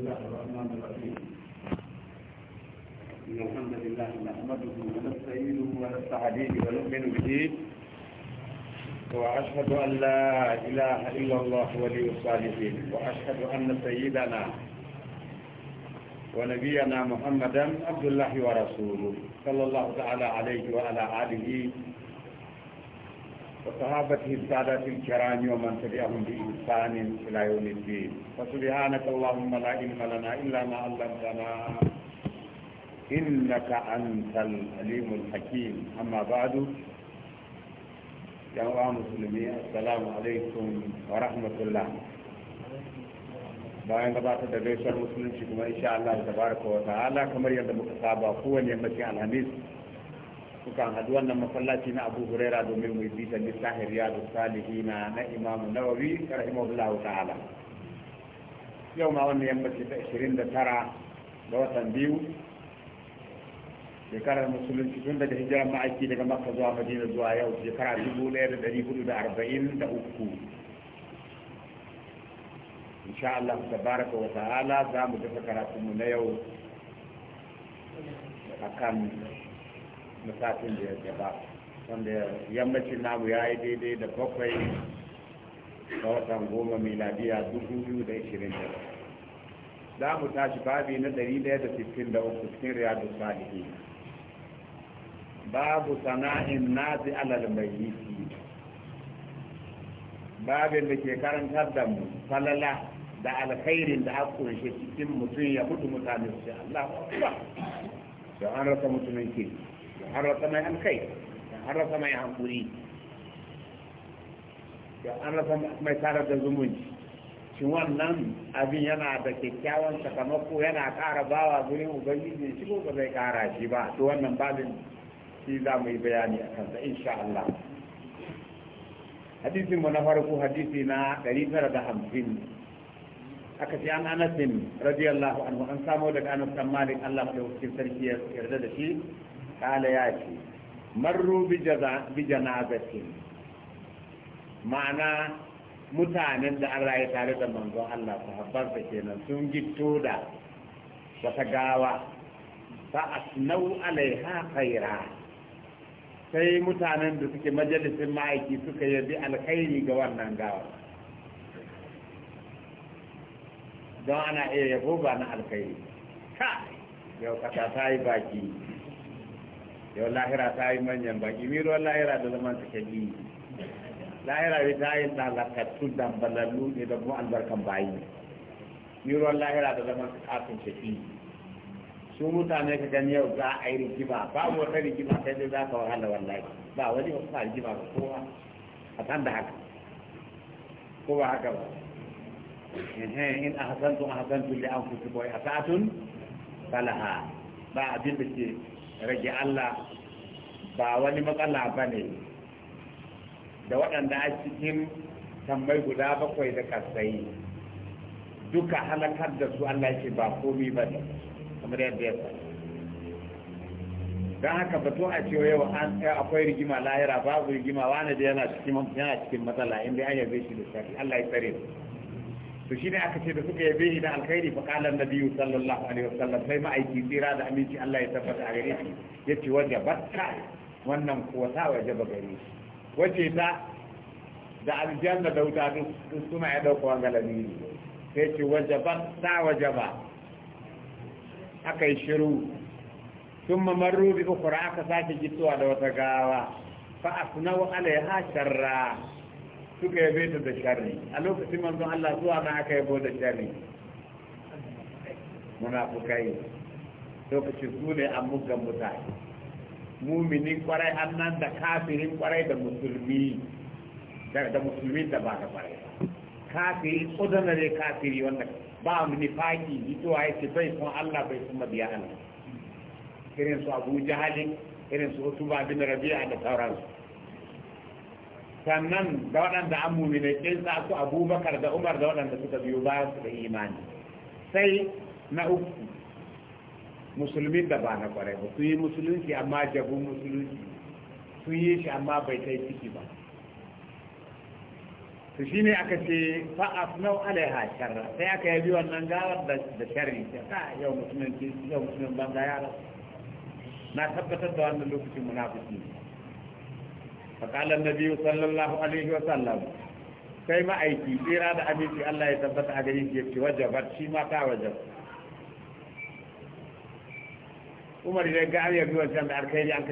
الله الرحمن الرحيم إن الحمد لله نحمده ونستعينه ونستهديه ونؤمن به وأشهد أن لا إله إلا الله ولي الصالحين وأشهد أن سيدنا ونبينا محمدا عبد الله ورسوله صلى الله تعالى عليه وعلى آله وصحابته السادات الكرام ومن تبعهم بإنسان إلى يوم الدين فسبحانك اللهم لا علم لنا إلا ما علمتنا إنك أنت العليم الحكيم أما بعد يا مسلمين السلام عليكم ورحمة الله bayan gabatar da gaisuwar musulunci kuma insha Allah tabaraka wa ta'ala kamar yadda muka saba kowanne yammacin alhamis كان هذا وانا مصلاتي مع ابو هريره دو ميم ويبيت لله رياض الصالحين نا امام النووي رحمه الله تعالى يوم اول يوم في 20 ترى دو تنبيو ذكر المسلمين في جنب الهجره مع كي دغه مكه جوا مدينه جوا يوم ذكر ابو لير دري بودو داربين ان شاء الله تبارك وتعالى دام ذكرت من يوم أكمل na da ya gaba wanda yammacin namu ya yi daidai da bakwai ga watan goma miladiya dubu biyu da ishirin da za mu tashi babi na ɗari da sittin da uku cikin riyadu salihi babu sana'in nazi alal mayyiti babin da ke karantar da mu falala da alkhairin da aka kunshe cikin mutum ya mutu mutane su Allah ba an rasa mutumin kirki an rasa mai an kai an rasa mai hankuri an rasa mai tsarar da zumunci shi wannan abin yana da kyakkyawan sakamako yana ƙara bawa gurin ubangiji shi ko ba zai ƙara shi ba to wannan babin shi za mu yi bayani a kansa insha Allah hadisi mu na farko hadisi na 950 aka ce an anasin radiyallahu anhu an samu daga anasin malik Allah madaukakin sarki ya yarda da shi kala ya ce marru bi janazatin ma'ana mutanen da Allah tare da manzon Allah sahabbansa kenan sun gito da wata gawa fa asnau alaiha khaira sai mutanen da suke majalisin ma'aiki suka yabi alkhairi ga wannan gawa don ana iya yabo ba na alkhairi ka yau kasa ta yi baki yau lahira ta yi manyan baki miro lahira da zaman ta kyabi lahira da ta yi tsalakattu da balalu ne da kuma albarkan bayi miro lahira da zaman kafin shafi su mutane ka gani yau za a yi rigima ba mu wata rigima sai dai za ka wahala wallahi ba wani wata rigima ga kowa a san da haka ko ba haka ba in a hasantu a hasantu da an kusa kawai a satun falaha ba abin da ke rage Allah ba wani matsala ba ne da waɗanda a cikin tambayi guda bakwai da kasai duka halakar da su Allah ce ba komi ba ne kamar yadda ya faru don haka batu a ce yau akwai rigima lahira babu rigima wani da yana cikin matsala inda an yabe shi da shari'a Allah ya tsare su to shine aka ce da suka yabe shi da alkhairi fa qala nabiyyu sallallahu alaihi wasallam sai ma'aiki tsira da aminci Allah ya tabbata a gare shi yace waje batta wannan kuwa ta waje ba gare shi wace ta da aljanna da wuta duk suna ya dauka wangalami ne sai ce waje batta waje ba aka yi shiru sun mamarru bi ukura aka sake gitsuwa da wata gawa fa asnau alaiha sharra suka yabe ta da sharri a lokacin manzon Allah zuwa na aka yabo da sharri munafukai lokacin su ne an mugan mutane muminin kwarai annan da kafirin kwarai da musulmi da musulmi da ba da kwarai kafiri ordinary kafiri wanda ba mu nifaki hitowa yake bai son Allah bai son mabiya Allah irin su Abu Jahal irin su Utba bin Rabi'a da sauransu sannan da waɗanda an mummina kinsa su abubakar da umar da waɗanda suka biyu ba su da imani sai na uku musulmi da ba na ƙwarai ba su yi musulunci amma jabun musulunci Su yi shi amma bai kai ciki ba su shi ne aka ce fa'af nau alaiha sharra sai aka yi bi wannan gawar da sharri ta yau musulunci yau musulun banza yara na tabbatar da wannan lokacin munafiki فقال النبي صلى الله عليه وسلم sai ma'aiki tsira da aminci Allah ya tabbata a gari ya ce wajabar shi ma ta wajar umar da ga an yabi wajen da alkhairi an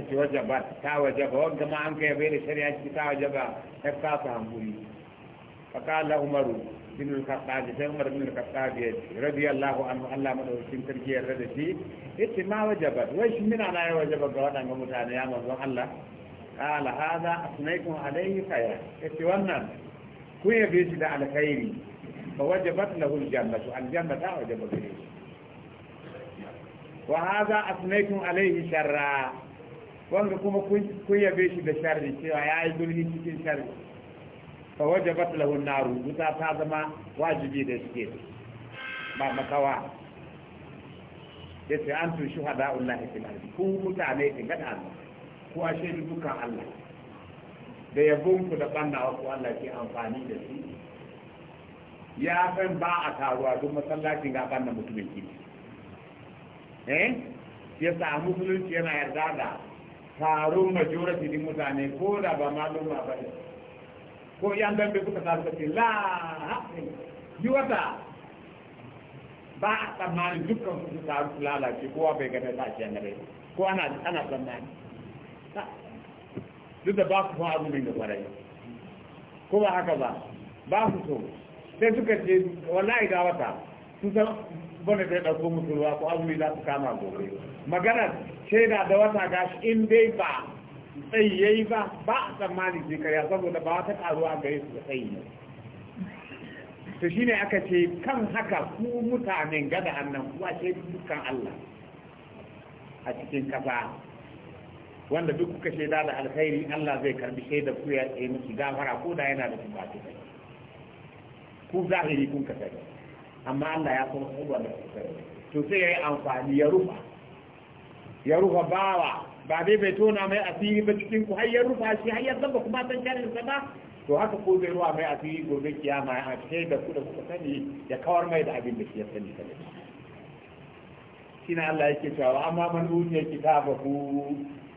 ta wajaba wanda ma an kai bai shari'a ci ta wajaba ta kasa hamburi fa qala umaru bin al-khattab sai umar bin al-khattab ya ce radiyallahu anhu da shi ma mutane ya Allah qala hadha asnaytum alayhi khayr kace wannan kun yabe shi da alkhairi fa wajabat lahu aljannatu aljannata wajabat lahu wa hadha asnaytum alayhi sharra wanda kuma kun yabe shi da sharri cewa ya yi dulhi cikin sharri fa wajabat lahu an-nar ta zama wajibi da suke ba makawa yace antum shuhada'ullahi fil ardi ku mutane ne ga Allah ku a shaidu dukan Allah da ya gunku da bannawa ko Allah ke amfani da shi ya san ba a taruwa duk masallacin ga banna mutumin ki eh ya sa musulunci yana yarda da taron majority din mutane ko da ba maluma ba ne ko yan dambe kuka tsara ce la eh, yi wata ba a tsammanin dukkan su taru su lalace kowa bai gane sa ke ko ana tsammanin duk da ba su fa abubuwan da kwarai ko ba haka ba ba su so sai suka ce wallahi ga wata sun san bane zai ɗauko musu ruwa ko abubuwan za su kama gobe maganar shaida da wata gashi in dai ba tsayi yayi ba ba a tsammanin je karya saboda ba wata karuwa gare su da tsayi ne to shine aka ce kan haka ku mutanen gada annan ku ce dukkan Allah a cikin ƙasa. wanda duk kuka shaida da alkhairi Allah zai karbi shaida ku ya tsaye miki gafara ko da yana da bukatu ku zahiri kun ka sani amma Allah ya san kowa da kuka to sai yayi amfani ya rufa ya rufa bawa ba dai bai tona mai asiri ba cikin ku har ya rufa shi har ya zaba kuma san jarin sa ba to haka ko zai ruwa mai asiri gobe kiyama ya da ku da kuka sani ya kawar mai da abin da shi ya sani kada shi Allah yake cewa amma man ba ku.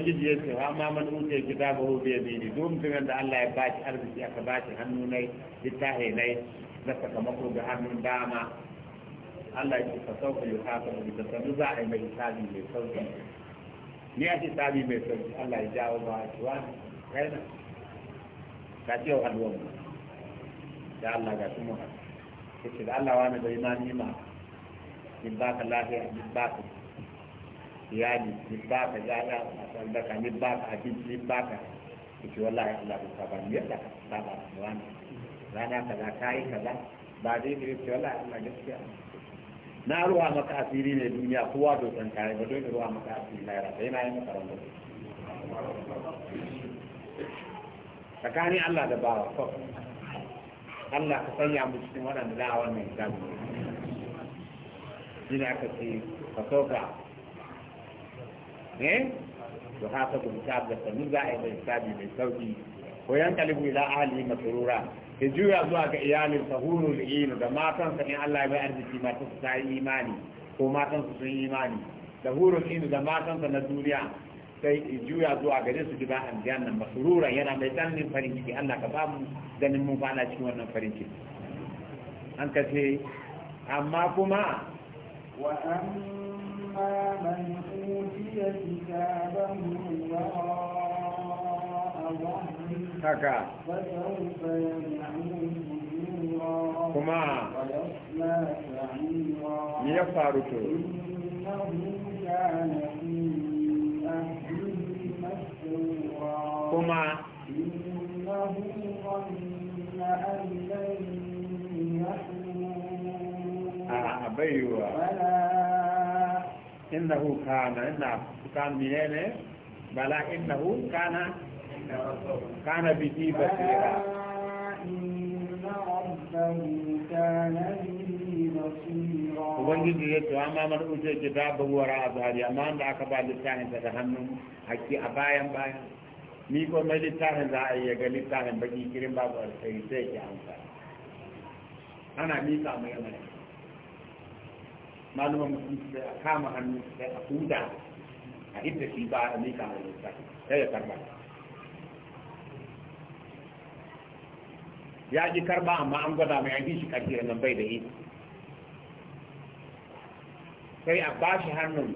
ubangiji ya ce amma man uke kitaba hu bi yamini da Allah ya bashi arziki aka bashi hannu nai littahi nai na sakamako ga hannun dama Allah ya ce fa sauka bi da sanu za a yi mai hisabi mai sauki ni a hisabi mai sauki Allah ya jawo ba wani ka ce wa alwan da Allah ga su mu ce da Allah wani bai ma in baka lafiya in baka iyali ni baka yaya sandaka ni baka abinci ni baka kace wallahi Allah bai saba ni yalla ka saba ni wani rana ka kaza kai kaza ba dai ne kace wallahi Allah gaskiya na ruwa maka asiri ne duniya kowa bai san kai ba dole ruwa maka asiri na yara sai na yi maka ranar Tsakani Allah da bawa kawai Allah ka sanya mu cikin waɗanda za a wannan hisabi shi ne aka ce ka soka eh to haka kun ta ga sanin za a yi hisabi mai sauki ko yan kalibu ila ahli masrura ke juya zuwa ga iyalin sa hurul inu da matan sa in Allah ya bai arziki matan su ta yi imani ko matan su sun yi imani da hurul inu da matan sa na duniya sai ke juya zuwa ga su gida an aljanna masrura yana mai tsanin farin ciki Allah ka ba mu ganin mun fana cikin wannan farin ciki an kace amma kuma wa amma أما من أوتي كتابه وراء ظهره فسوف يدعو كما ويصلى سعيرا ليفعل إنه كان في أهله مسرورا كما إنه ظن أن لن يحور أعبيوا فلا إنه كان إنه نعم، كان مينة بلا إنه كان كان به بصيرا إن ربه كان أما من أوتي كتابه وراء ظهري أما من أكبر لسانه تتهمم حكي أبايا بايا ni ko mai littafin za a iya ga littafin baki kirin babu alkhairi sai ke amsa ana mika maluman musulunci sai a kama hannu sai a huda a inda shi ba a mika a lissafi sai ya karba ya ji karba amma an gwada mai an shi karfi da nan bai da yi sai a bashi hannun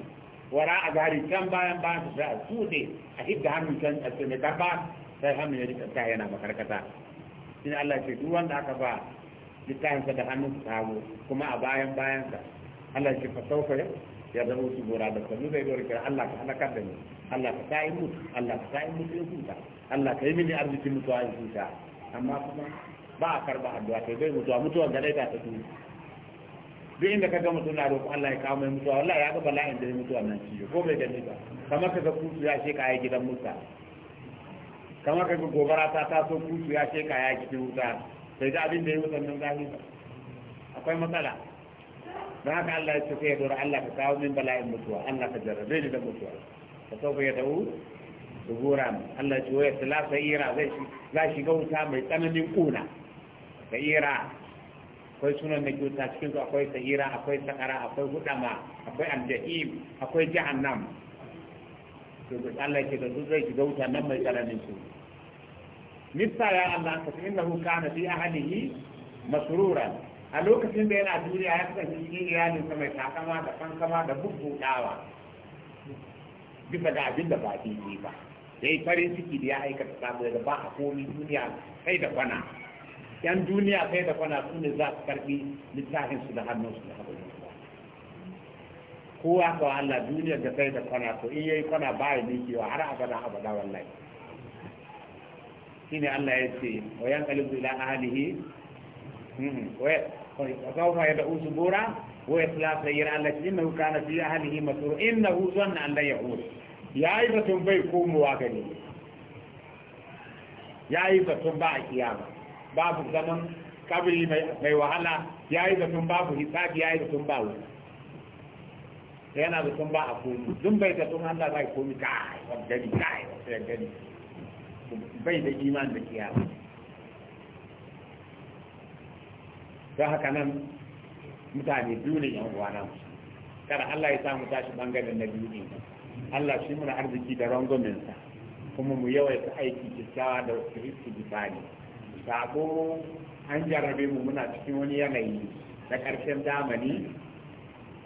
wara a gari can bayan bayan su sai a tuɗe a hidda hannun can a ce mai karba sai hannun ya rika ta yana makarkata shi Allah ce duk wanda aka ba littafinsa da hannun su kuma a bayan bayansa Allah shi fasauka ya ya da mutu gora da kanu zai dora kira Allah ka halakar da Allah ka sa yi mutu Allah ka sa yi mutu ya kuta Allah ka yi mini arziki mutuwa in kuta amma kuma ba a karba addu'a to zai mutuwa mutuwa ga dai ta tafi duk inda ka ga mutum na roƙo Allah ya kawo mai mutuwa Allah ya ga bala'in da ya mutuwa nan ciwo ko bai gani ba kamar ka ga kutu ya sheka ya gidan musa kamar ka ga gobara ta taso kutu ya ka ya gidan Musa sai da abin da ya wuta nan zahiri akwai matsala don haka ya ce sai ya dora Allah ka kawo min bala'in mutuwa Allah ka jarrabe ni da mutuwa ka sau ya dawo suburan Allah ya ce waya tala sa'ira zai shiga wuta mai tsananin kuna sa'ira akwai sunan na kyauta cikin su akwai sa'ira akwai sakara akwai hudama akwai aljahim akwai jahannam to Allah ya ce da zai shiga wuta nan mai tsananin kuna مثل يا na فإنه a في أهله مسرورا a lokacin da yana duniya ya yin iyalin iyalinsa mai takama da fankama da dawa bisa ga abin da ba daidai ba ya yi farin ciki da ya aikata samu da ba a komi duniya sai da kwana yan duniya sai da kwana su ne za su karbi littafin su da hannun su da haɗin su kowa ka Allah duniya da sai da kwana to in yayi kwana ba ya wa har abada abada wallahi shine Allah ya ce wa yanqalibu ila ahlihi وسوف طيب، يدعو زبورا وإخلاص غير الله إنه كان في أهله مسرور إنه ظن أن لا يعود يا عيبة بيكم واغني يا عيبة باع قيامة باب الزمن قبل ما يوحلا يا عيبة باب حساب يا عيبة باب yana da sun ba a komi dun bai da sun Allah za ka komi kai wa gani kai wa gani bai da imani da kiyama don haka nan mutane biyu ne yan uwana kada Allah ya samu tashi bangaren na biyu ne Allah shi muna arziki da rangominsa kuma mu yawaita aiki kyakkyawa da kristi bisani sako an jarabe mu muna cikin wani yanayi na ƙarshen zamani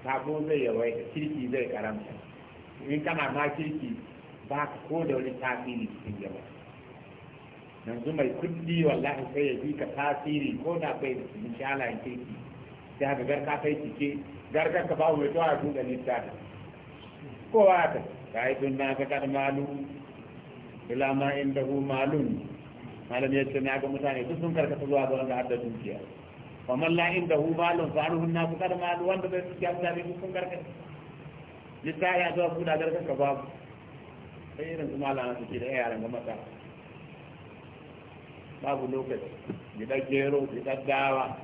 sako zai yawaita kirki zai karanta in kana ma kirki ba ka ko da wani tasiri cikin jama'a yanzu mai kuɗi wallahi sai ya bi ka tasiri ko da bai da cikin shalayen kirki sai haka garka kai cike garkar ka babu mai tuwa tun da littata kowa ta, ta yi tun na ta kada malu ila ma inda hu malun malam ya ce na ga mutane duk sun karkata zuwa ga wanda har da dukiya kamar la inda hu malun fa anhu na kada malu wanda bai dukiya mutane duk sun karkata littata ya zuwa kuɗa garkar ka babu sai irin su malama suke da yaran ga matasa babu lokaci da gero da dawa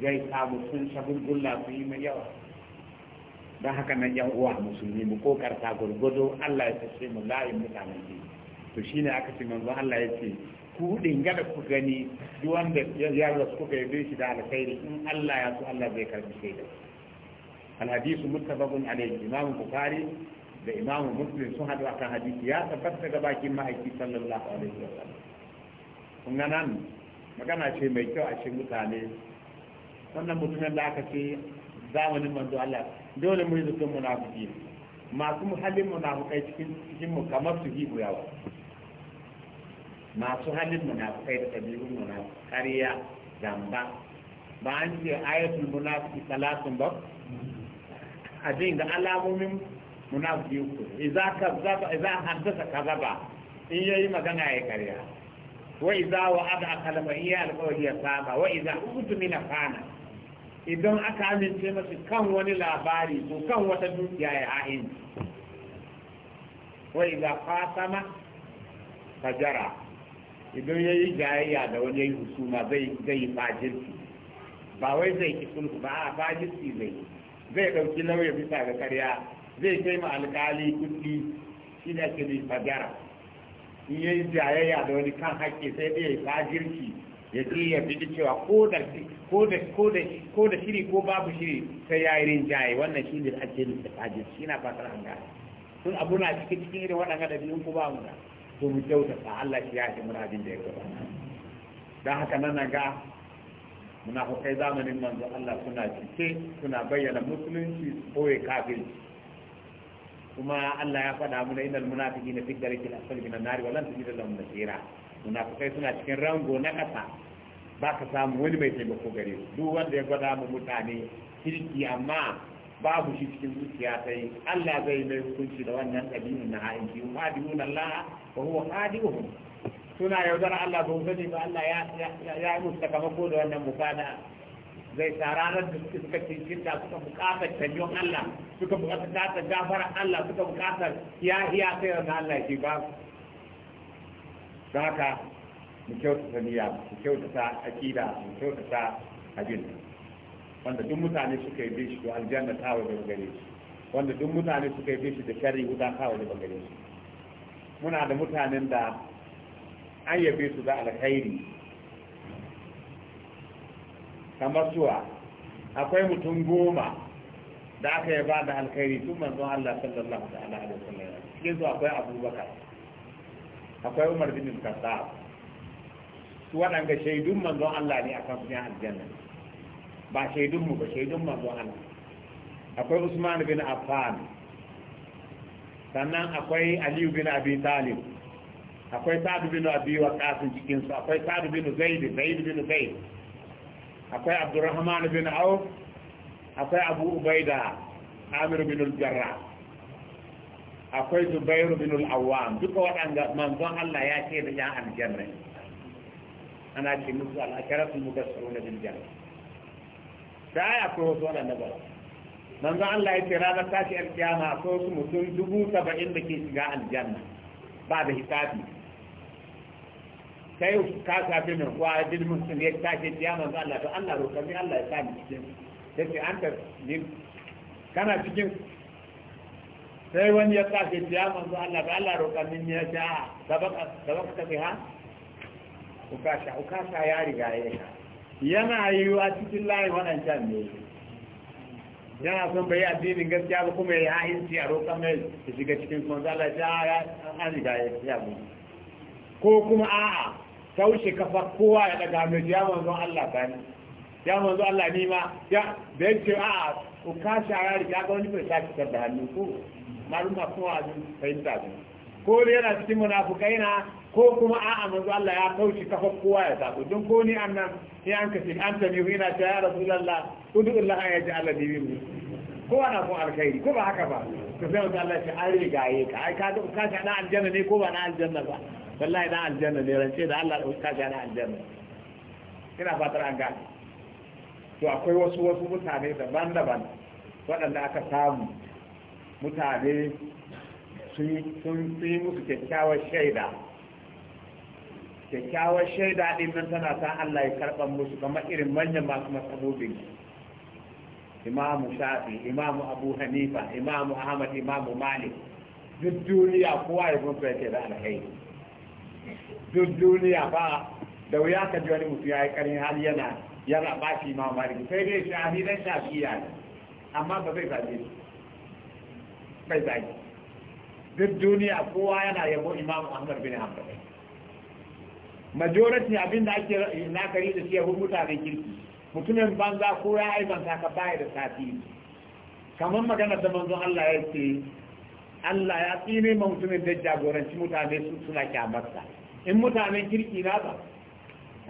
gai samu sun gulla su yi mai yawa don haka nan yan uwa musulmi mu kokarta gurgudu Allah ya tashi mu layin mutanen ji to shine aka ce manzo Allah ya ce ku dinga da ku gani duk wanda ya rasu kuka yi shi da alkhairi in Allah ya so Allah zai karbi kai da الحديث متفق Alayhi, Imam bukhari da imamu muslim sun haɗu akan hadisi ya tabbata ga bakin ma'aiki sallallahu alaihi wa sallam kun nan magana ce mai kyau a cikin mutane wannan mutumin da aka ce zamanin manzo Allah dole mu yi zaton munafiki masu halin munafukai cikin cikin mu kamar su hibu yawa masu halin munafukai da kabilun munafukai kariya gamba ba an ce ayatul munafiki salatun ba abin da alamomin munafiki uku idza kazzaba idza haddatha kazaba in yayi magana ya kariya wa wa ada kalama iya alƙawari ya saba wa idza na fana idan aka amince masu kan wani labari ko kan wata dukiya ya ahin wa idza qasama fajara idan ya yi jayayya da wani yi husuma zai yi fajirci ba wai zai ki sulhu ba a fajirci zai zai ɗauki lauya bisa ga karya zai kai ma alƙali kuɗi shi ne ake fajara in ya yi jayayya da wani kan haƙƙi sai dai ya ya ce ya fi cewa ko da shiri ko babu shiri sai ya yi jaye wannan shi ne ake nufi da shi na fatar an sun abu na cikin cikin irin waɗanda da biyun ko ba mu da to mu kyautata Allah shi ya ce muna abin da ya gabata don haka nan ga munafukai zamanin manzo Allah suna cike suna bayyana musulunci ya kafirci kuma Allah ya faɗa mana innal munafiqina fi ddarkil asfali minan nar wa lan tajida lahum nasira munafikai suna cikin rango na kasa ba ka samu wani mai taimako gare su duk wanda ya gwada mu mutane kirki amma babu shi cikin zuciya sai Allah zai mai hukunci da wannan kabilu na ki wa hadiyun Allah wa huwa hadiyuhum suna yaudar Allah ba sani ba Allah ya ya musu ko da wannan mukana zai sa ranar da suka suka cincinta suka bukatar tanyon Allah suka bukatar gafara Allah suka bukatar yahiya sai wani Allah ke ba su haka mu kyautata niyya mu kyautata akida mu kyautata abin wanda duk mutane suka yi bishi to aljanna ta waje gare shi wanda duk mutane suka yi bishi da sharri wuta ta waje gare shi muna da mutanen da an yabe su da alkhairi kamar suwa akwai mutum goma da aka yi ba da alkhairi tun manzon Allah sallallahu alaihi wasallam cikin su akwai abubakar akwai umar bin khattab su waɗanda shaidun manzon Allah ne akan cikin aljanna ba shaidun mu ba shaidun manzon Allah akwai usman bin affan sannan akwai aliyu bin abi talib akwai sa'd bin abi waqas cikin su akwai sa'd bin zaid zaid bin zaid akwai abdurrahman bin auf akwai abu ubaida amir bin al-jarrah akwai zubairu bin al-awwam duka waɗanda manzon Allah ya ce da yan aljanna ana ce musu al-akaratul mubassirun bil janna sai akwai wasu waɗanda ba manzon Allah ya ce ranar tashi alkiyama akwai wasu mutum dubu saba'in da ke shiga aljanna ba da hisabi kai ka safi min wa mun sun ya tashi ya manzo Allah to Allah roƙa ni Allah ya sa ni cikin sai an ta ni kana cikin sai wani ya tashi ya manzo Allah to Allah roƙa ni ya sha sabaka sabaka ta biha ukasha ukasha ya riga ya sha yana wa cikin layin can ne yana son bai addinin gaskiya ba kuma ya yi a roƙa mai shiga cikin manzo Allah ya riga ya ko kuma a'a Kaushe kafa kowa ya daga mai ya manzon Allah bani ya manzon Allah ni ma ya da yake a ku kashi a yari ya ga wani bai saki tar da hannu ko malum ma kowa a fahimta su ko da yana cikin munafukai na ko kuma a'a manzon Allah ya kauce kafa kowa ya sako don ko ni annan ya an kace an ta ni ina ta ya rasulullah udu Allah ya ji Allah dibi kowa na kun alkhairi ko ba haka ba to sai Allah ya ce an rigaye ka ai ka ka na aljanna ne ko ba na aljanna ba wallahi na aljanna ne rance da Allah da ta ga aljanna ina fatar an gane to akwai wasu wasu mutane daban-daban waɗanda aka samu mutane sun yi musu kyakkyawar shaida kyakkyawar shaida ɗin nan tana sa Allah ya karɓar musu kamar irin manyan masu matsalolin imamu shafi imamu abu hanifa imamu ahmad imamu malik duk duniya kowa ya gunsa yake da alheri. duk duniya ba da wuya ka ji wani mutu ya yi karin hali yana yana ba shi ma wani sai dai shi ahidan shafiya ne amma ba zai zage shi bai zage duk duniya kowa yana yabo imam ahmad bin hanbal majority abin da ake nakari da shi yabo mutane kirki mutumin banza ko ya banza ka baya da safi kamar magana da manzo Allah ya ce Allah ya tsine ma mutumin da jagoranci mutane suna kyamarsa in mutanen kirki na ba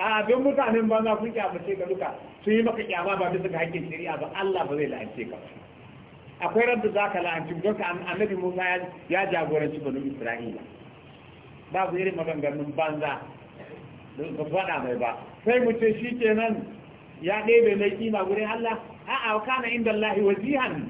a abin mutanen banza kun kyamace ka duka sun yi maka kyama ba bisa ga hakkin shari'a ba Allah ba zai la'ance ka akwai radda za ka la'anci don ka annabi Musa ya jagoranci banu Isra'ila babu irin maganganun banza ba faɗa mai ba sai mu ce shi kenan ya ɗebe mai kima gurin Allah a'a kana inda Allah wazihan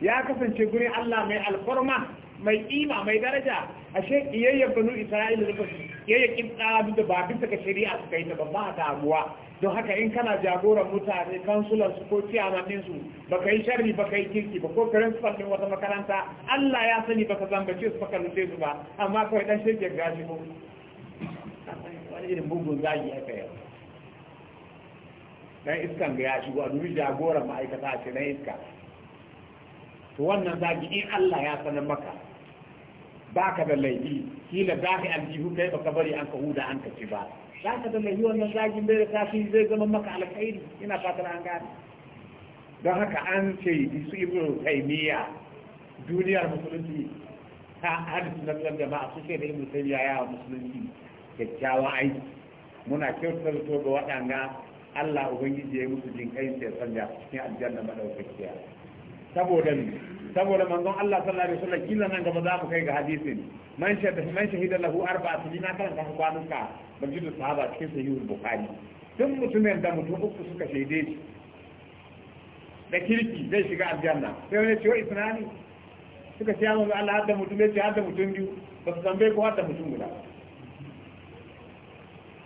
ya kasance gurin Allah mai alfarma mai kima mai daraja ashe iyayyar banu isra'ila da iyayyar kintsa duk da ba bisa ga shari'a suka yi ta babba a damuwa don haka in kana jagoran mutane kansular su ko ciyaman din ba baka yi sharri ka yi kirki ba ko principal din wata makaranta Allah ya sani ba ka zambace su baka rufe su ba amma kawai dan shege gashi ko wani irin bugun zagi haka yau dan iskan ga ya shigo a dubi jagoran ma'aikata a ce na iska to wannan zagi in Allah ya sanar maka ba ka da laifi kila za ka aljihu kai ba ka bari an ka huda an ka ci ba za ka da laifi wannan zagin bai da tafi zai zama maka alkhairi ina fatan an gane don haka an ce su ibu taimiyya duniyar musulunci ta hadisi na da jama'a su ce da ibu taymiya ya musulunci kyakkyawan aiki muna kyautar to ga waɗanda Allah ubangiji ya yi musu jinkai sai sanya cikin aljanna madaukakiya saboda saboda manzon Allah sallallahu alaihi wasallam kila nan gaba za mu kai ga hadisin man shahida man shahida lahu arba sunna kan kan kwanuka ka jidu sahaba cikin sahih bukhari duk mutumin da mutum uku suka shaide shi da kirki zai shiga aljanna sai wani ce isnani suka ce amma Allah hadda mutum ya ce hadda mutum biyu ba su zambe ko hadda mutum guda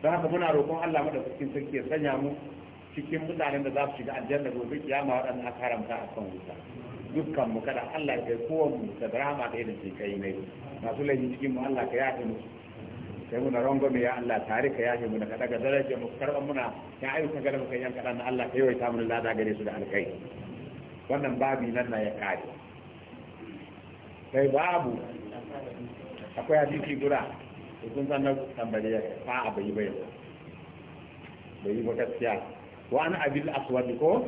don haka muna roƙon Allah madaukakin sarki ya sanya mu cikin mutanen da za su shiga aljanna gobe kiyama waɗanda aka haramta a kan wuta dukkan mu kada Allah ya kowa mu da rahama da irin ce kai ne masu laifin cikin mu Allah ka yafe mu sai muna mu ya Allah tare ka yafe mu da kada ga daraja mu karban muna ya ka ga kai yan na Allah ka yawaita mu lada gare su da alkai wannan babi nan na ya kare sai babu akwai hadisi guda da kun san na tambaye ya fa abai bai bai yi ba gaskiya wa an abil aswad ko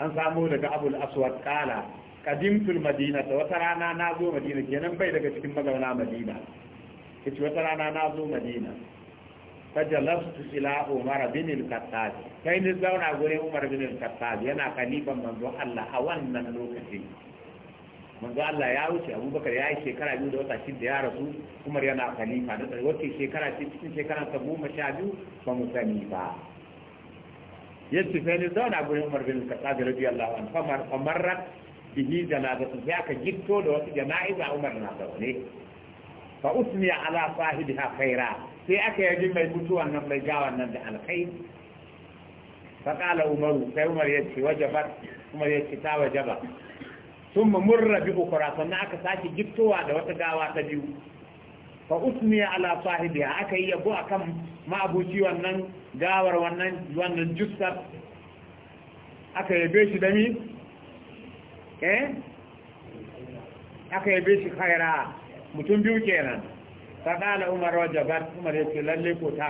an samu daga abul aswad kala kadimtul madina ta wata rana na zo madina kenan bai daga cikin magana madina kace wata rana na zo madina ta fajalastu ila umar bin al-khattab kai ne zauna gurin umar bin al-khattab yana kalifan manzo Allah a wannan lokaci manzo Allah ya wuce abubakar ya yi shekara biyu da wata shida ya rasu umar yana khalifa da wace shekara ce cikin shekara ta goma sha biyu ba mu sani ba yace sai ne zauna gurin umar bin al-khattab radiyallahu anhu famar famarrat bihi janazatu sai aka gitto da wasu jana'iza Umar na zaune fa usmiya ala sahibiha khaira sai aka yaji mai mutuwan nan mai gawan nan da alkhair fa qala Umar sai Umar ya ce wajabat Umar ya ci ta wajaba thumma murra bi ukra sannan aka sake gittowa da wata gawa ta biyu fa usmiya ala sahibiha aka yi yabo akan ma'abuci wannan gawar wannan wannan jussar aka yabe shi da mi eh aka yabe shi khaira mutum biyu kenan fadala umar wajabat umar yace lalle ko ta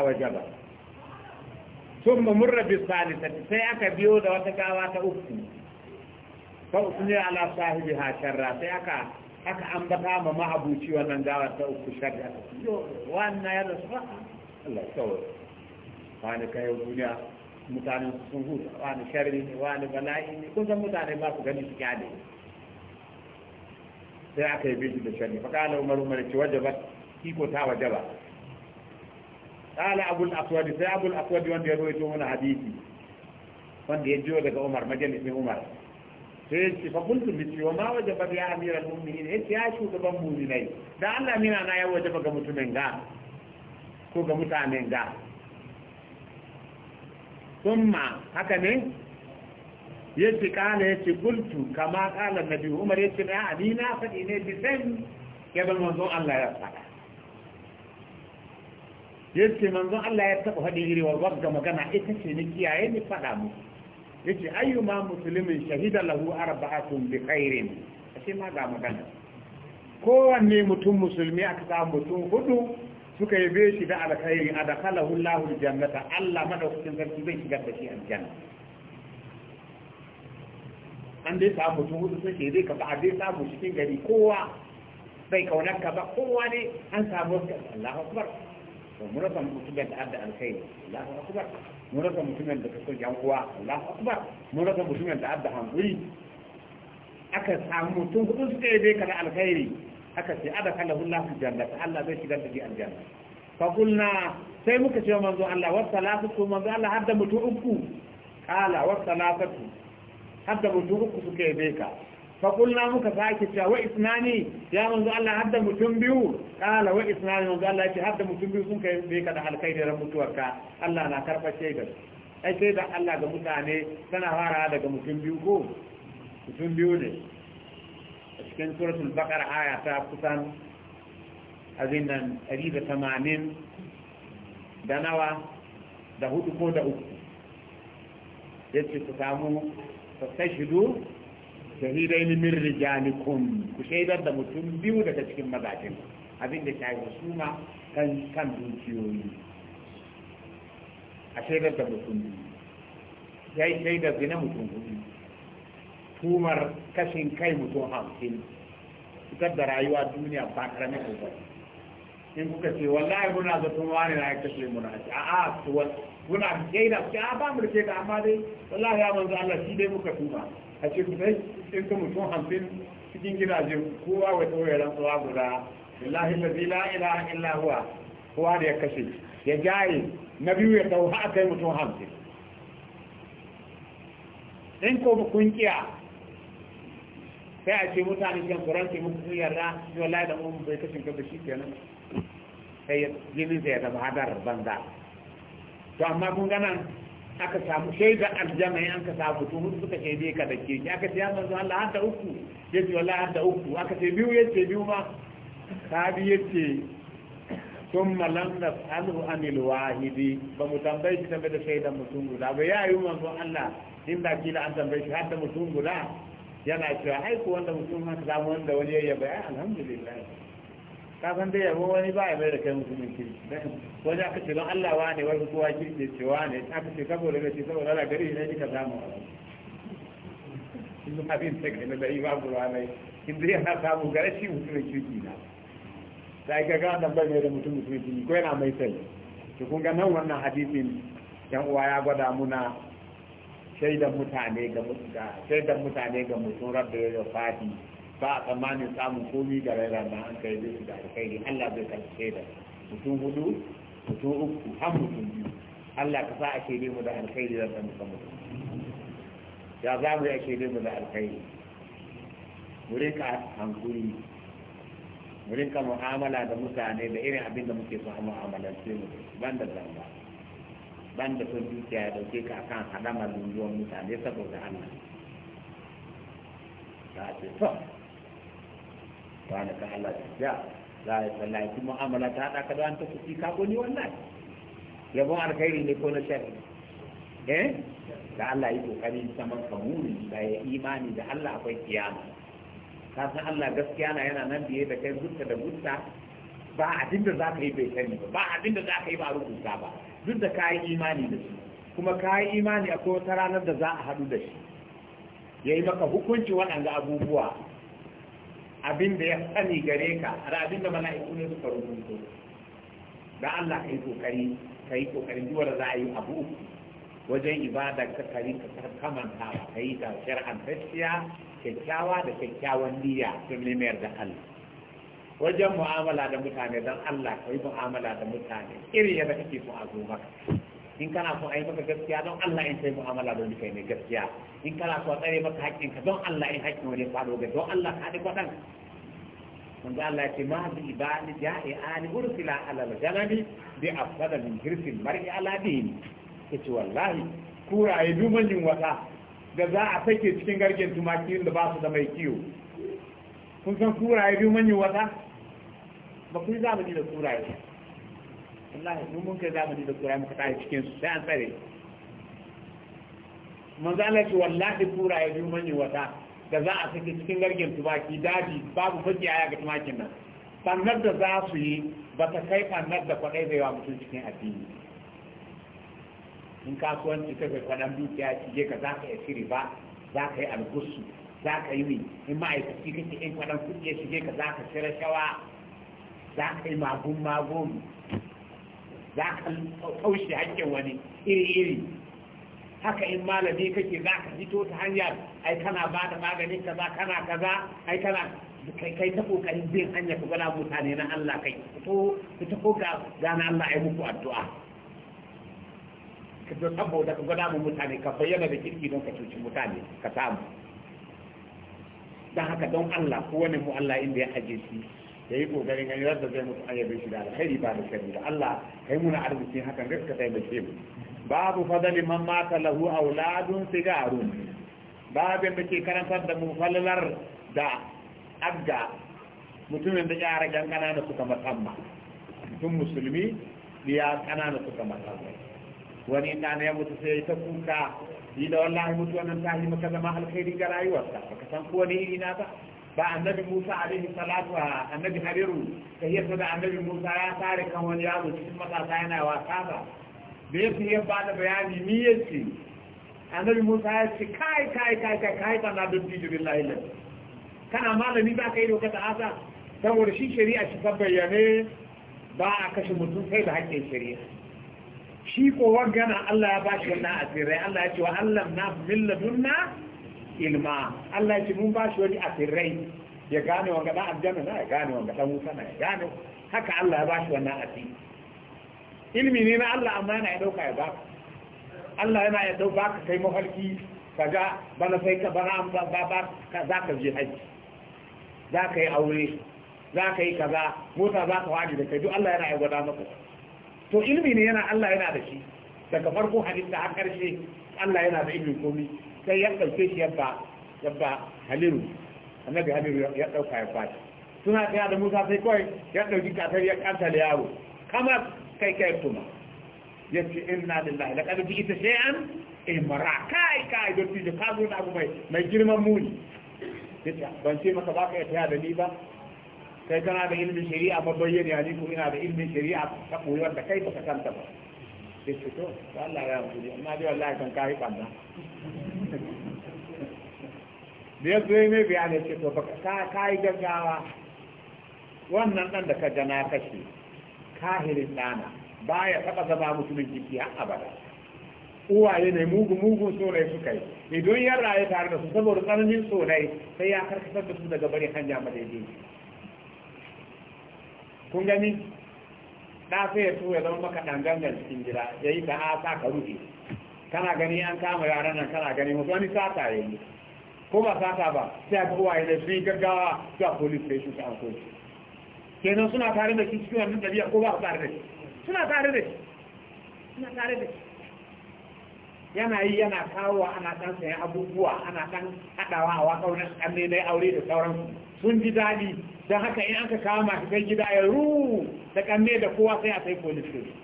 Tun thumma murra bi salisati sai aka biyo da wata gawa ta uku fa usni ala sahibi ha sharra sai aka aka ambata ma mahabuci wannan gawa ta uku sharra yo wannan ya rasu Allah kawai wani kayan duniya mutanen su sun huta wani sharri ne wani bala'i ne kun san mutane ba su gani su kyale sai aka yi bisu da sharri fa kana umar umar ce wajaba iko ta wajaba qala abul aswad sai abul aswad wanda ya rawaito mana hadisi wanda ya jiyo daga umar majalisin umar sai ce fa kuntum bi wa ma wajaba ya amiral mu'minin yace ya shugaban mu'minai da Allah mina na ya wajaba ga mutumin ga ko ga mutanen ga thumma haka ne yace kana yace qultu kama na biyu, umar yace da amina faɗi ne bi san yadda manzon Allah ya faɗa yace manzon Allah ya taɓa faɗi iri wagga magana ita ce ni kiyaye ni faɗa mu yace ayyuma muslimin shahida lahu arba'atun bi khairin ashe ma ga magana kowanne mutum musulmi aka samu mutum hudu suka yabe shi da alkhairi adkhalahu Allahu jannata. Allah madaukakin sarki zai shigar da shi a aljanna an dai samu mutum hudu sun ce zai kafa a zai samu cikin gari kowa bai kaunar ka ba kowa ne an samu wasu Allahu akbar to mun rasa mutumin da adda alkhairi Allahu akbar mun rasa mutumin da kaso yan uwa Allahu akbar mun rasa mutumin da adda hankuri aka samu mutum hudu suka yabe ka da alkhairi aka ce adakalahu Allah jannata Allah zai shigar da shi aljanna fa qulna sai muka ce manzo Allah wa salatu manzo Allah hadda mutu uku qala wa salatu hadda mutu uku suke beka fa qulna muka sake cewa wa isnani ya manzo Allah hadda mutum biyu qala wa isnani manzo Allah ya ce hadda mutum biyu sun kai beka da alkai da mutuwarka Allah na karfashe ga ai sai da Allah ga mutane tana fara daga mutum biyu ko mutum biyu ne cikin suratul bakar aya ta kusan abin nan 180 da nawa da hudu ko da uku yace ku samu shahidai shahidain min rijalikum ku shaidar da mutum biyu daga cikin mazajin abin da su ma kan kan dukiyoyi a shaidar da mutum biyu yayi shaidar zina mutum biyu tumar kashin kai mutum hamsin fitar da rayuwa duniya ba karamin abu in kuka ce wallahi muna ma wani na ya kashe muna ce a'a to muna gaida ce a ba mu rike ka amma dai wallahi ya manzo Allah shi dai muka tuma a ce ku dai in ka mutum hamsin cikin gidaje kowa wata wayar rantsuwa guda wallahi allazi la ilaha illa huwa kowa da ya kashe ya jaye na biyu ya dau har kai mutum hamsin in ko kun kiya sai a ce mutane ke kuran mun mutu sun yarda shi wallahi da mun bai kashin kabba shi kenan sai ya gini sai ya zama hadar banza to amma kun gana aka samu sai da aljama ya ka samu mutu mutu suka ke bai ka dake ke Aka ka ya manzo Allah har uku ya ce wallahi har uku aka ce biyu ya ce biyu ma sabi ya ce sun malam da tsanu anil wahidi ba mu tambayi shi tambayi da shaidan mutum guda ba ya yi manzo Allah inda kila an tambayi shi har mutum guda yana cewa ai wanda mutum ma ta wanda wani yayya bai ah, alhamdulillah ka san dai yabo wani ba ya mai da kai mutumin kirki dan wani aka ce don Allah wa ne wani kowa kirki ce wa ne aka ce saboda ne ce saboda Allah gari ne kika samu in ma bin sai kai na dai babu ruwa ne in dai yana samu gare shi mutumin kirki na sai ga ga dan bane da mutum mutumin kirki ko yana mai sai to kun ga nan wannan hadisin yan uwa ya gwada muna shaidan mutane ga shaidan mutane ga mutum rabbi ya fati ba a tsammanin samun komi da rai rana an kai zai su da alkhairi Allah zai kan shaidan mutum hudu mutum uku har mutum biyu Allah ka sa a shaide mu da alkhairi da san mutum ya za mu yi a shaide mu da alkhairi mu rinka hankuri mu rinka mu'amala da mutane da irin abin da muke so a mu'amalance mu ban da zamba ban da son dukiya ya dauke ka akan hadama lungiyar mutane saboda Allah ta ce to ba allah ka Allah ya za a yi sallahi ki mu'amala ta haɗa ka da an ta kuɗi ka goni wannan yabon alkhairi ne ko na shari eh da Allah yi kokari saman kamuni da ya imani da Allah akwai kiyama ka san Allah gaskiya na yana nan biye da kai gutta da gutta ba abin da za ka yi bai sani ba ba abin da za ka yi ba rubuta ba duk da ka imani da su, kuma ka imani a wata ranar da za a haɗu da shi ya yi maka hukunci waɗanda abubuwa abin da ya sani gare ka da abin da iku ne suka rubuto da Allah ka yi kokari ka yi kokarin duwar za a yi abu wajen ibada ka kari ka ta ka yi ta shar'an gaskiya kyakkyawa da kyakkyawan niyya sun nemayar da Allah wajen mu'amala da mutane don Allah ka yi mu'amala da mutane irin yadda kake so a zo in kana so a yi maka gaskiya don Allah in sai mu'amala don kai ne gaskiya in kana so a tsare maka haƙƙinka don Allah in haƙƙin wani faɗo ga don Allah ka haɗe kwaɗan manzo Allah ce ma bi ni ja'i ali ursila ala al-jalali bi afsada min hirsil mar'i ala dini yace wallahi kuraye dumanin wata da za a sake cikin gargen tumaki da ba su da mai kiwo kun san kuraye manyan wata ba kun zamani da kuraye wallahi mun mun kai zamani da kuraye muka tsaya cikin su sai an tsare manzo Allah ce wallahi kuraye biyu mani wata da za a saki cikin gargin tubaki daji babu faki aya ga tumakin nan sannan da za su yi ba ta kai fannar da kwaɗai zai wa mutum cikin addini in kasuwanci ta kai kwaɗan dukiya ci je ka za ka yi shiri ba za ka yi algusu za ka yi ne in ma'aikaci kake in kwaɗan kuɗi ya shige ka za ka shira shawa za a yi magun magun za ka taushe hakkin wani iri-iri haka in malami kake za ka fito ta hanyar ai kana ba da maganin ka za kana kaza ai kana kai kai ta kokarin bin hanyar ka gwada mutane na Allah kai Ka ta koka gana Allah ai muku addu'a ka zo saboda ka gwada mutane ka bayyana da kirki don ka cuci mutane ka samu dan haka don Allah ko wani mu Allah inda ya aje shi ya yi kokarin ganin yadda zai mutu an yabe shi da alheri ba da shari'a da Allah kai muna arziki hakan gaska ta yabe mu babu fadali man mata lahu auladun sigarun babu da ke karantar da mu falalar da agga mutumin da yara yan kanana suka matsamma mutum musulmi ya kanana suka matsamma wani ne ya mutu sai ta kuka yi da wallahi mutu wannan ta yi maka zama alkhairi ga rayuwarsa baka san ko wani ina na ba da annabi Musa alaihi salatu wa annabi Hariru da yadda da annabi Musa ya tare kan wani yaro cikin matasa yana wasa ba da ya fi yin bada bayani ni ya ce annabi Musa ya ce kai kai kai kai kai kana da billahi la kana malami ba yi doka ta asa saboda shi shari'a shi bayyane ba a kashe mutum sai da hakkin shari'a shi ko wagana Allah ya bashi wannan asirai Allah ya ce wa Allah na milladunna ilma Allah ya ce mun ba shi wani asirrai ya gane wanga dan aljanna na ya gane wanga dan wuta na ya gane haka Allah ya ba shi wannan asiri ilmi ne na Allah amma yana ya dauka ya baka Allah yana ya dauka ka kai mafarki kaga bana sai ka bana an ba ba ka za ka je haji za ka yi aure za ka yi kaza mota za ka wani da kai duk Allah yana ya gwada maka to ilmi ne yana Allah yana da shi daga farko halitta har karshe Allah yana da ilmin komi sai ya ɗauke shi yabba yabba haliru annabi haliru ya ɗauka ya fashi suna tsaya da musa sai kawai ya ɗauki kasar ya kanta da yaro kamar kai kai kuma ya ce inna lillahi da ƙarfi ita shay'an imra kai kai da tije ka zo da abu mai mai girman muni yace ban ce maka baka ya taya da ni ba kai kana da ilimin shari'a ba bayyana ni ko ina da ilimin shari'a ta koyar da kai baka kanta ba sai ce to Allah ya hankali amma dai wallahi kan kai kwanna da ya zo mai bayanai ce to baka kai gaggawa wannan dan da ka jana kashe kahirin dana ya taba zama mutumin jiki har abada uwaye ne mugun mugu sonai suka yi idan ya raye tare da su saboda tsananin sonai sai ya karkatar da su daga bari hanya madaidai kun gani da sai ya ya zama maka dangangan cikin gida ya yi da asa ka rufe kana gani an kama yaran nan kana gani musu wani sata ya yi ko ba sata ba sai a kowa ya zai gaggawa zuwa police station ta akwai kenan suna tare da shi cikin wannan ɗabi'a ko ba su tare da shi suna tare da shi suna tare da shi yana yi yana kawo ana ɗan sayan abubuwa ana ɗan haɗawa a waƙaunin ƙanne na aure da sauransu sun ji daɗi don haka in aka kawo shi kai gida ya ruru da kanne da kowa sai a sai police station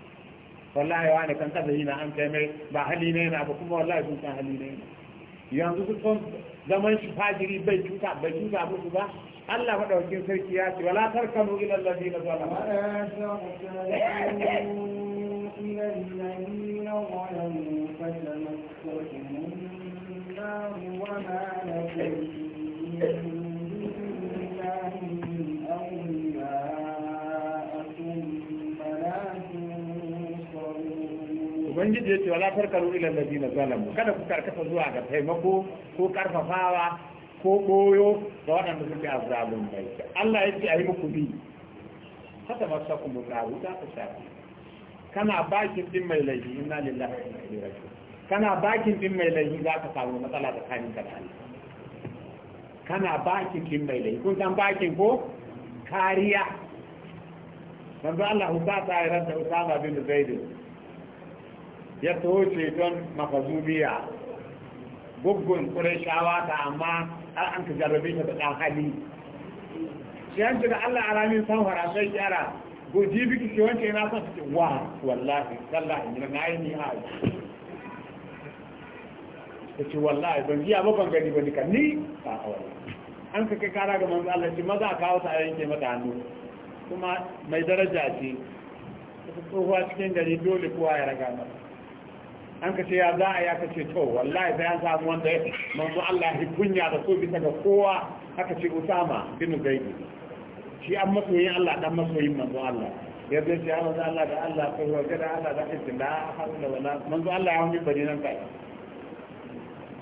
wallahi wani kan kaza yi na an kai mai ba hali ne na ba kuma wallahi sun san hali ne yanzu su son zaman shi fajiri bai cuta bai cuta musu ba Allah madaukakin sarki ya ce wala tarkanu ila allazina zalamu إلى الذين ظلموا فتمسكهم النار وما لكم ubangiji ya ce wala tarkaru ila allazina zalamu kada ku karkata zuwa ga taimako ko karfafawa ko boyo ga waɗanda suke azabun bai Allah ya ce a yi muku bi haka ba sa ku mutaru za ta shafi kana bakin din mai laifi inna lillahi wa inna ilaihi raji'un kana bakin din mai laifi za ka samu matsala da kanin ka da Allah kana bakin din mai laifi kun san bakin ko kariya manzo Allah ta ya ranta Usama bin Zaid ya taho ceton makazubiya gugun ƙurashawa ta amma har an ka jarrabe ta da ɗan hali shi yanci da Allah alamin san farasai kyara goji biki ke wance na san su wa wallahi sallahi ni na yi ni hayi ta ce wallahi ban jiya ba ban gani ba ni kan ni ta wallahi an ka kai kara ga manzo Allah shi maza kawo ta yanke mata hannu kuma mai daraja ce ta tsohuwa cikin gari dole kowa ya raga mata an ka ce ya za a ya ka ce to wallahi sai an samu wanda manzo Allah ya kunya da so bisa ga kowa aka ce Usama bin Zaid shi an masoyin Allah dan masoyin manzo Allah ya zai ce Allah Allah da Allah ko ga da Allah da kin da Allah wala manzo Allah ya hanbi bari nan kai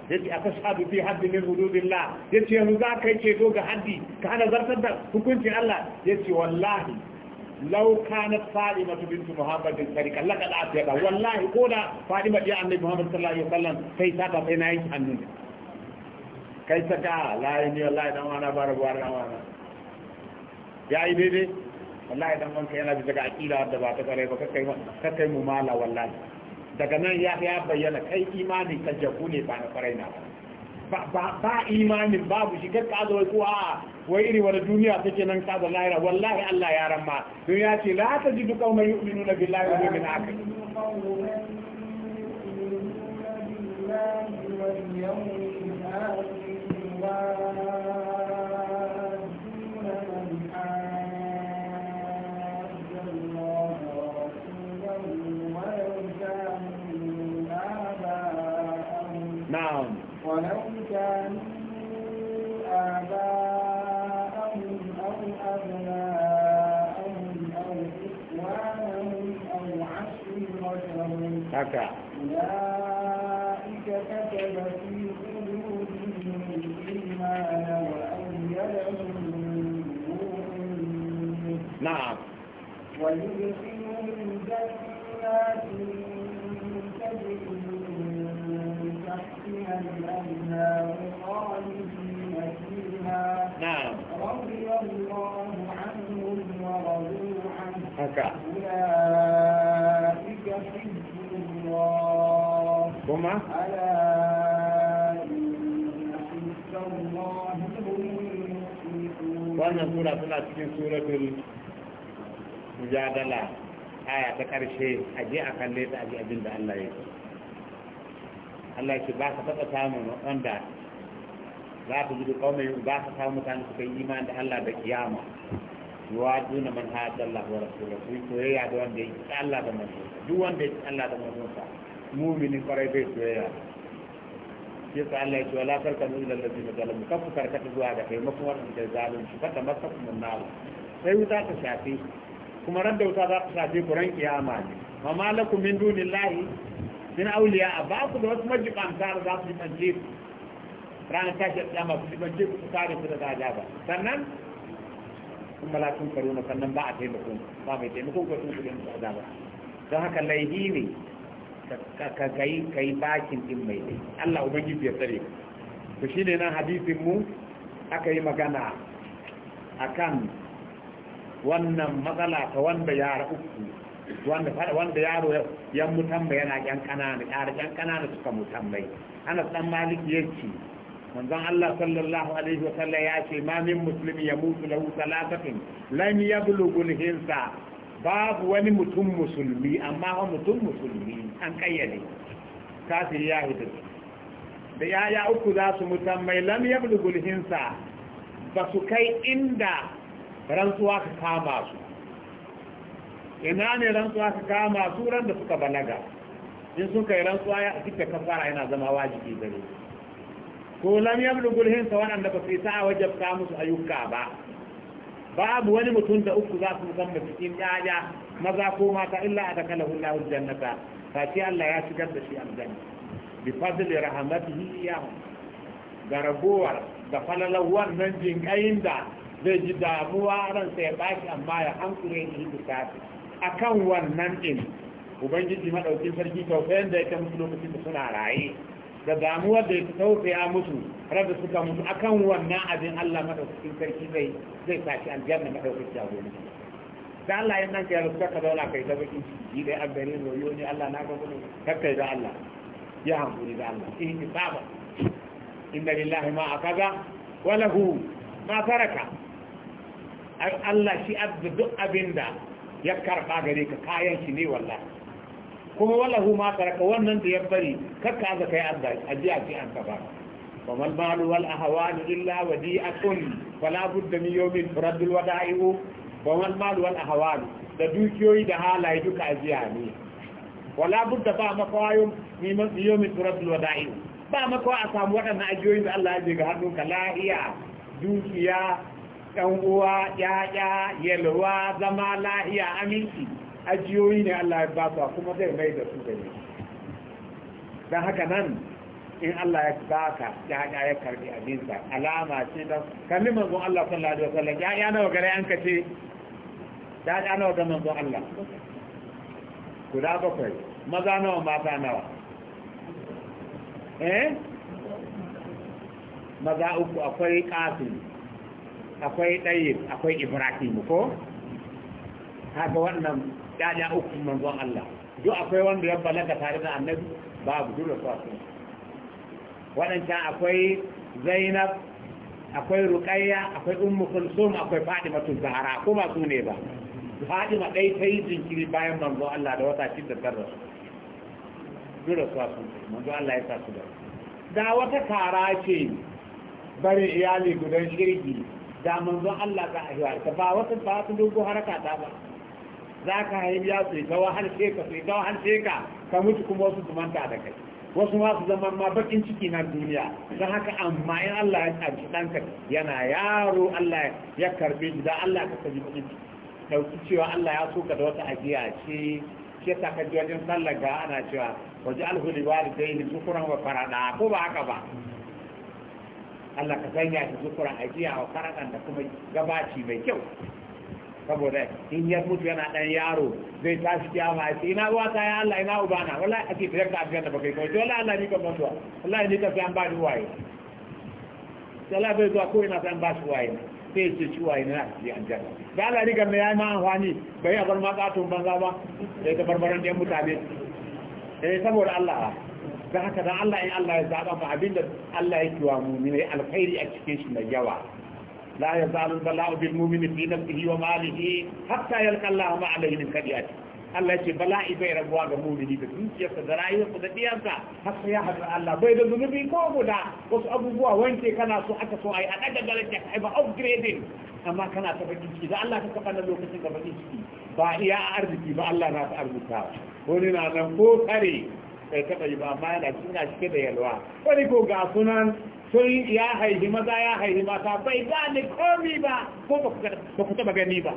yace aka shahadu fi haddi min hududillah yace yanzu za kai ce to ga haddi ka hana zartar da hukuncin Allah yace wallahi law kanat fatima bint muhammad sarika laqad atiyaka wallahi ko da fatima ya annabi muhammad sallallahu alaihi wasallam sai ta ta sai nayi annun kai ta ka la ni wallahi dan wana bar bar dan wana yayi daidai wallahi dan wanka yana bisa ga aqida da ba ta kare ba kai ka kai mu mala wallahi daga nan ya bayyana kai imani ne ba na na ba ba imanin babu shigar karka aza wai kuwa wai iri wani duniya take nan kaza lahira wallahi Allah ya ramma don ya ce la ta ji duka mai yi na billahi wa yu'minu aka Thank haka ta ƙarshe a je a kalle ta aji abin da Allah ya yi Allah ce ba ka taɓa samun wanda za ka gudu kawai ba ka samu mutane su kai iman da Allah da kiyama wa duna man hada Allah wa rasulahu su soyayya da wanda ya ci Allah da manzonsa duk wanda ya ci Allah da manzonsa muminin kwarai bai soyayya ke yasa Allah ya ce wala tarkanu ila allazina zalamu kafu karkata zuwa ga kai makon da zalunci fata masakum nar sai wuta ta shafi kuma ran da wuta za ku shafe ku ran kiyama ne ma malakum min dunillahi min awliya ba ku da wasu majibanta da za su jibance ku ran tashi kiyama ku jibance ku ku kare ku daga azaba sannan kun bala kun karo na sannan ba a taimako ba mai taimako ko sun kudin su azaba don haka laihi ne ka kai kai bakin din mai dai. Allah ubangiji ya tsare ku to shine nan hadisin mu aka yi magana akan wannan matsala ta wanda yara uku wanda yaro ya mutan bai yana yan kanana yara yan kanana suka mutan bai ana san maliki yake manzon Allah sallallahu alaihi wa sallam ya ce ma min muslimi ya mutu lahu salatatun lam yablughu al-hinsa babu wani mutum musulmi amma wa mutum musulmi an kayyade kafir ya hidu da yaya uku za su mutan mai lam yablughu al-hinsa ba su kai inda rantsuwa ka kama su ina ne rantsuwa ka kama su ran da suka balaga in sun kai rantsuwa ya duka kafara yana zama wajibi gare ko lam yablugul hinsa waɗanda ba su yi sa'a ka musu ayyuka ba babu wani mutum da uku za su zama cikin yaya maza ko mata illa a dakala hulawar jannata ta Allah ya shigar da shi aljanna bi fadli rahmatihi iyahu ga ragowar da falalawar nan jinƙayin da zai ji damuwa ransa ya baki amma ya hankure da yi bukatu a kan wannan ɗin ubangiji maɗaukin sarki tausayin da ya ta musu lokacin da suna raye da damuwar da ya tausaya musu rada suka mutu kan wannan abin allah maɗaukakin sarki zai zai sashi aljanna maɗaukakin jagori da allah yin nan ka yaro suka zauna kai ta bakin ciki dai an gari royo ne allah na gaba ne kakkai da allah ya hankuri da allah in ki saba inna lillahi ma akaza wa lahu ma taraka Allah shi adda duk abinda ya karɓa gare ka kayan shi ne wallahi kuma wallahu ma taraka wannan da ya bari kakka aza kai adda ajiya ce an ka ba wa mal malu wal ahwal illa wadi'atun fala budda min yawmin turaddu al wada'i'u wa mal malu wal ahwal da dukiyoyi da halaye duka ajiya ne wala budda ba makawayo min yawmin turaddu al wada'i'u ba makawa a samu waɗannan ajiyoyin da Allah ya je ga ka lahiya dukiya ɗan uwa ya'ya yalwa zama lahiya aminci ajiyoyi ne Allah ya ba kuma zai mai da su da ne don haka nan in Allah ya baka ya'ya ya karbi abinsa alama ce ta. kalli manzon Allah sallallahu alaihi wasallam ya'ya nawa gare an kace ya'ya nawa ga manzon Allah guda bakwai maza nawa mata nawa eh maza uku akwai kafin akwai ɗaya akwai ibrahim ko haka wannan ɗaya uku manzon Allah duk akwai wanda ya balaga tare da annabi babu dole su asu waɗancan akwai zainab akwai ruƙayya akwai ummu kulsum akwai fadima tun zahara ko ba su ne ba fadima ɗai ta yi jinkiri bayan manzon Allah da wata shida tara dole su asu manzon Allah ya sa su da da wata kara ce barin iyali gudan shirki da manzon Allah za a yi wa ba wata ba wata dogo haraka ta ba za ka haihu ya su ta wahal sheka su ta wahal sheka ka mutu kuma wasu su da kai wasu ma su zama ma bakin ciki na duniya don haka amma in Allah ya karbi ɗanka yana yaro Allah ya karbe shi da Allah ka kaji bakin ciki dauki cewa Allah ya soka da wata ajiya ce ke ta kaji wajen sallar ga ana cewa waje alhuli walidaini shukran wa farada ko ba haka ba Allah ka sanya shi zukuran ajiya wa karatan da kuma gabaci mai kyau saboda in ya mutu yana dan yaro zai tashi kiyama ya ce ina ruwa ta ya Allah ina uba na wallahi ake tafiyar da aljanna ba kai kawai to wallahi Allah ni ka mutuwa wallahi ni ka san ba ni waye Allah bai zuwa ko ina san ba shi waye sai su ci waye na ji aljanna da Allah ni kan mai yayi ma amfani bai ya bar ma katun banza ba sai ta barbaran da mutane sai eh, saboda Allah da haka da Allah in Allah ya zaba mu abinda Allah yake wa mu'mini alkhairi a cikin shi mai yawa la yazalu bala'u bil mu'mini fi nafsihi wa malihi hatta yalqa Allah ma alayhi min kadiyati Allah ce bala'i bai rabuwa ga mu'mini da dukiyarsa da rayuwarsa da diyarsa har sai ya hadu Allah bai da zunubi ko guda wasu abubuwa wanke kana so aka so ai a daga daraja ai ba upgrading amma kana ta bakin ciki da Allah ka saka na lokacin ka bakin ciki ba iya arziki ba Allah na ta arzikawa wani na nan ko kare bai taɓa yi ba amma yana suna cike da yalwa wani ko ga sunan sun ya haihi maza ya haihi mata bai gane komi ba ko ba ku taɓa gani ba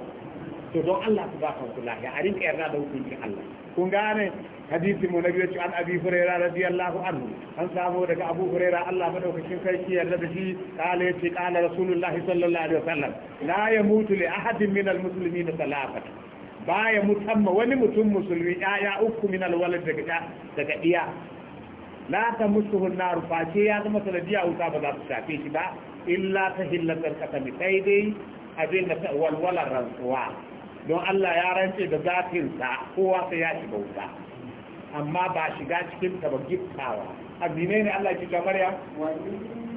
to don Allah ku ba kanku lafiya a rinka yarda da hukuncin Allah kun gane hadisi mu na biyu an abi hurairah radiyallahu anhu an samu daga abu hurairah Allah madaukakin sarki yarda da shi kala yace kala rasulullahi sallallahu alaihi wasallam la yamutu li ahadin min almuslimin salafatan baya musamman wani mutum musulmi ya uku min alwalad daga ɗiya. diya la ta musuhu ya zama a wuta ba za su shafe shi ba illa ta hillatar kasami sai dai abin da walwalar rantsuwa don Allah ya rance da zafinsa kowa sai ya shiga wuta amma ba shiga cikin ta ba ne Allah ki kamar Maryam.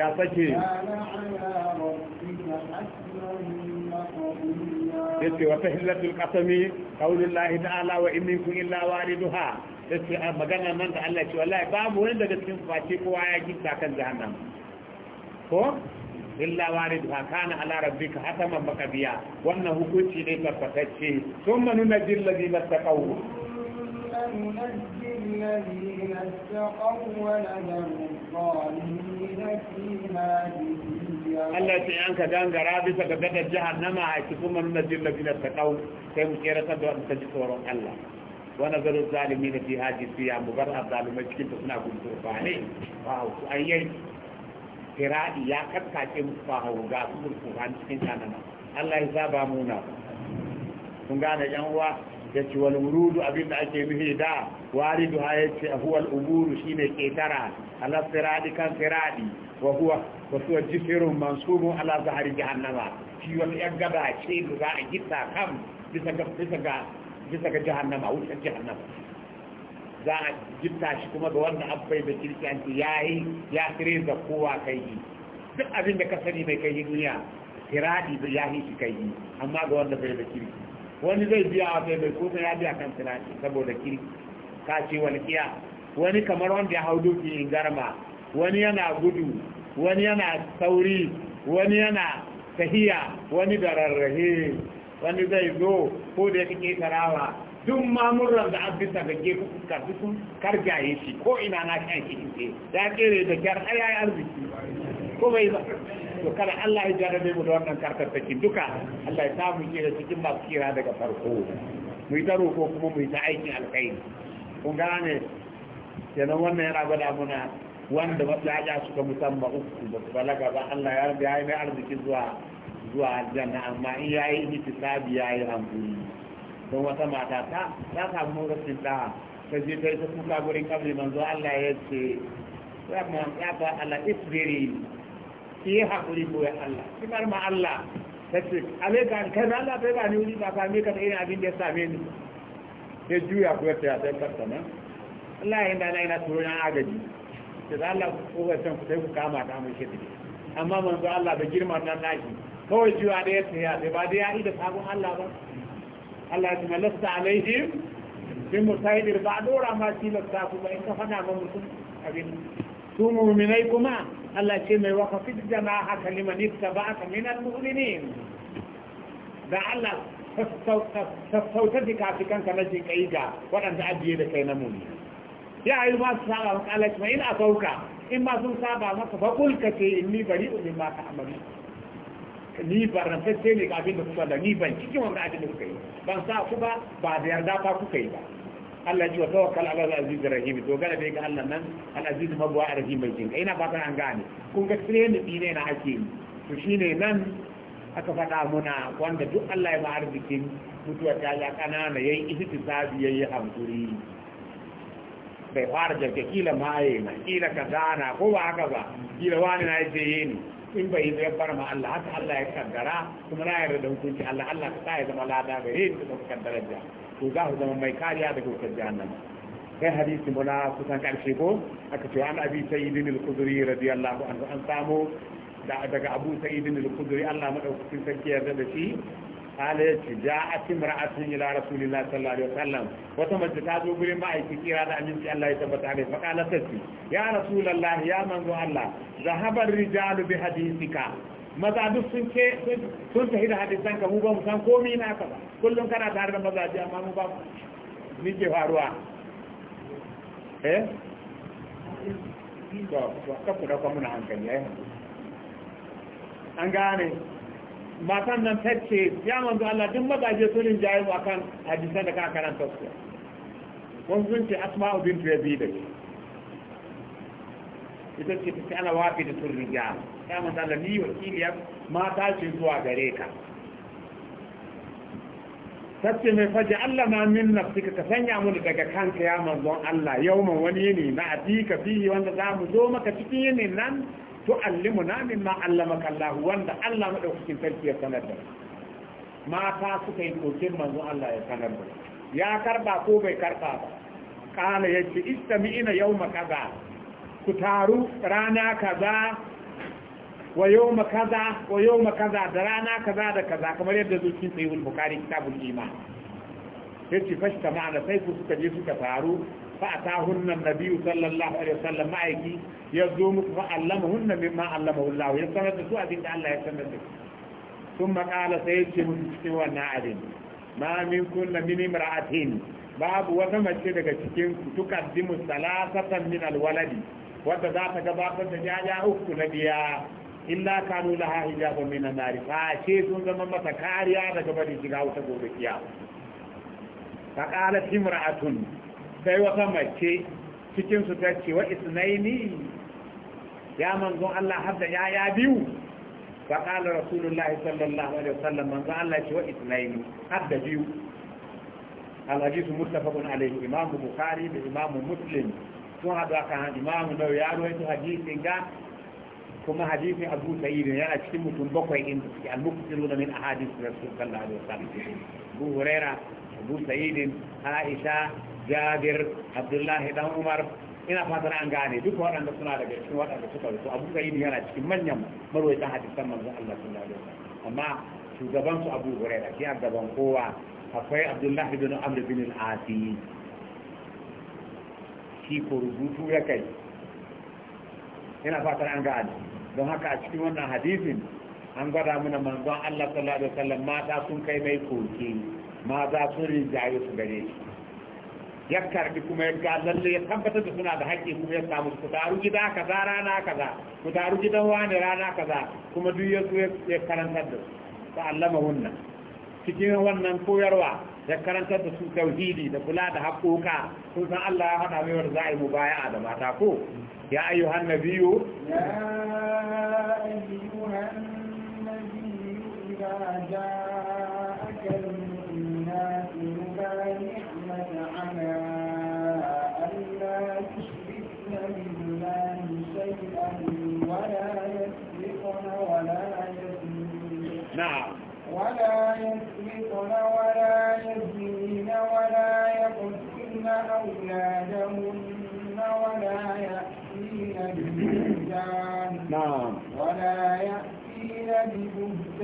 ya sake yace wa tahillatul qasami qaulillahi ta'ala wa in minkum illa wariduha yace a magana nan da Allah ce wallahi babu wani daga cikin face kowa ya gitta kan jahannam ko illa wariduha kana ala rabbika hataman baqadiya wannan hukunci ne tabbatacce thumma nunajjil ladina taqaw nunajjil ladina الذين اتقوا ونذروا Allah ce an ka gangara bisa ga gadar jahannama a cikin manuna jirla da na ɗau sai mu kera ta da ta ji tsoron Allah wani zarar zalimi na fi haji su ya mu bar azalumai cikin ta suna guntur ba ne ba su an yi fira'i ya karkace musu ba hau ga su guntur ba cikin kanana Allah ya zaba muna Sun gane yan uwa yace wal wurudu abinda ake nufi da waridu ha a huwal uburu shine ketara ala siradi kan siradi wa huwa wa huwa jifirun ala zahari jahannama shi wani yan gaba ce da za a gita kam bisa ga bisa ga bisa jahannama wutar jahannama za a gita shi kuma ga wanda abbai da kirki an ce yayi ya kire da kowa kai yi, duk abin da ka sani mai kai yi duniya siradi da yahi shi kai amma ga wanda bai da kirki wani zai biya a bai bai kusa ya biya kan sinashi saboda kirki ka ce walƙiya wani kamar wanda ya hau duki in garma wani yana gudu wani yana sauri wani yana tahiya wani da rarrahe wani zai zo ko da ya kake tarawa duk mamurran da an bisa ga gefe kuka duk kargaye shi ko ina na kyan shi ya kere da kyar yi arziki ko bai ba to kada Allah ya jarabe mu da wannan ki duka Allah ya samu ke da cikin masu kira daga farko mu yi ta kuma mu yi ta aikin alkhairi kun gane kenan wannan yana gwada muna wanda matsaya suka musamman uku da su balaga ba Allah ya rabu ya yi mai arziki zuwa zuwa aljanna amma in ya yi hitisabi ya yi hankuli don wata mata ta ta samu rashin ta je ta yi ta kuka gurin kabri manzo Allah ya ce ya fa Allah isbiri ki yi haƙuri koyar Allah kimar ma Allah ta ce alaika kai Allah bai gani wuri ba ka me ka da irin abin da ya same ni ya juya ku ta ta karta nan Allah ya dana ina turo na agaji ta da Allah ku ko san ku sai ku kama ta mu shi amma manzo Allah da girma nan naki kawai juya da ya tsaya da ba da ya ida sabon Allah ba Allah ya tuma lasta alaihim bin mutahidir ba dora ma tilasta ku ba in ka fada ma mutum abin su mu'minai kuma Allah ce mai waka fi jama'a kalimani ta ba aka minar mu'minin da Allah sassautar da kafikanka na jikai ga waɗanda ajiye da kai na muni ya yi ma su saba maka Allah in sauka in masu saba maka ba kulka ce in ni bari umin ma amari ni ba rantacce ne ga abin da kuka da ni ban cikin wanda abin da kuka yi ban sa ku ba ba da yarda ta kuka yi ba Allah ya ce wa tawakkal ala al-aziz rahim to ga ga Allah nan al-aziz mabwa rahim mai jinka ina fatan an gane kun ga training ne na ake yi to shine nan aka faɗa muna wanda duk Allah ya ma arzikin mutuwa ta ya kanana yayi ihtisabi yayi hankuri bai fara jirka kila maye na kila ka zana ko ba haka ba kila wani na yace yi in bai yi zai bar ma Allah haka Allah ya kaddara kuma na yarda da hukunci Allah Allah ka sa ya zama lada gare ni da kaddara ja to za ku zama mai kariya daga wutar jahannama kai hadisi mu na kusan karshe ko aka ce an abi al radiyallahu anhu an samu daga abu sayyidin al Allah madaukakin sarki yarda da shi ya ce ja a sallallahu alaihi wasallam wata mace ta zo gurin ma'aiki kira da aminci Allah ya tabbata alai fa ya rasulullah ya manzo Allah zahabar rijalu bi maza duk sun ce sun tafi da hadisan ka mu ba mu san komi na ka ba kullum kana tare da mazaje amma mu ba ni ke faruwa eh to to ka ku dauka muna hankali ai an gane matan nan ta ce ya manzo Allah duk mazaje sun rinjaye mu akan hadisan da ka karanta su kun sun ce asma'u bintu yazid ita ce ta ce ana wafi da sun rinjaye ya manzala ni wakiliyar mata ce zuwa gare ka sace mai faji Allah na min nafsika ka sanya mu daga kanka ya manzon Allah Yau ma wani yini na adika fihi wanda za mu zo maka cikin yini nan to allimu na min ma allamaka Allah wanda Allah madaukakin sarki ya sanar da mata suka yi kokin manzon Allah ya sanar da ya karba ko bai karba ba kana yace istami'ina yawma kaza ku taru rana kaza wa yau makaza wa yau makaza da rana kaza da kaza kamar yadda zuciyin tsayin bukari kitabun ima. sai ce fashi ta ma'ana sai ku suka je suka faru fa a ta hunnan na biyu sallallahu alaihi wa sallam, ma'aiki ya zo muku fa allama hunnan min ma allama wallahu ya sanar da su abin da allah ya sanar da sun makala sai ya ce musu cikin wannan abin ma min kunna min imra'atin babu wata mace daga cikin ku tukaddimu salasatan min alwaladi wadda za ta gabatar da jaja uku na biya illa kanu laha hijaban min an-nar fa ce sun zama mata kariya daga bari shiga wata gobe kiya fa qalat imra'atun sai wata mace cikin su tace wa isnaini ya manzo Allah hadda ya ya biyu fa qala rasulullahi sallallahu alaihi wasallam manzo Allah ce wa isnaini hadda biyu Al الحديث متفق عليه Bukhari da بإمام مسلم sun haɗu kan imam nau ya ruwaito hadisin ga kuma hadisin abu sa'id yana cikin mutum bakwai in suke al-muqtiluna min da rasul sallallahu alaihi wasallam abu huraira abu sa'id aisha jabir abdullahi dan umar ina fatan an gane duk waɗanda suna daga cikin waɗanda suka rufu abu sa'id yana cikin manyan marwaitan hadisan manzon Allah sallallahu alaihi wasallam amma shugaban su abu huraira ke a gaban kowa akwai abdullahi bin amr bin al-asi shi ko rubutu ya kai ina fatan an gane don haka a cikin wannan hadisin an gwada mana manzon Allah sallallahu alaihi wasallam mata sun kai mai koke mata sun rinjaye su gare shi ya karbi kuma ya ga lalle ya tabbatar da suna da haƙƙi kuma ya samu su taru gida kaza rana kaza ku taru gidan wani rana kaza kuma duk ya ya karantar da su ta allama wannan. cikin wannan koyarwa ya karantar da su tauhidi da kula da haƙoƙa kun san Allah ya hada mai wanda za a yi mubaya'a da mata ko ya ayyuhan nabiyyu أيها النبي إذا جاءك المؤمنات يبايعنك على ألا لا يشركن بالله شيئا ولا يسرقن ولا يزنين ولا يسرقن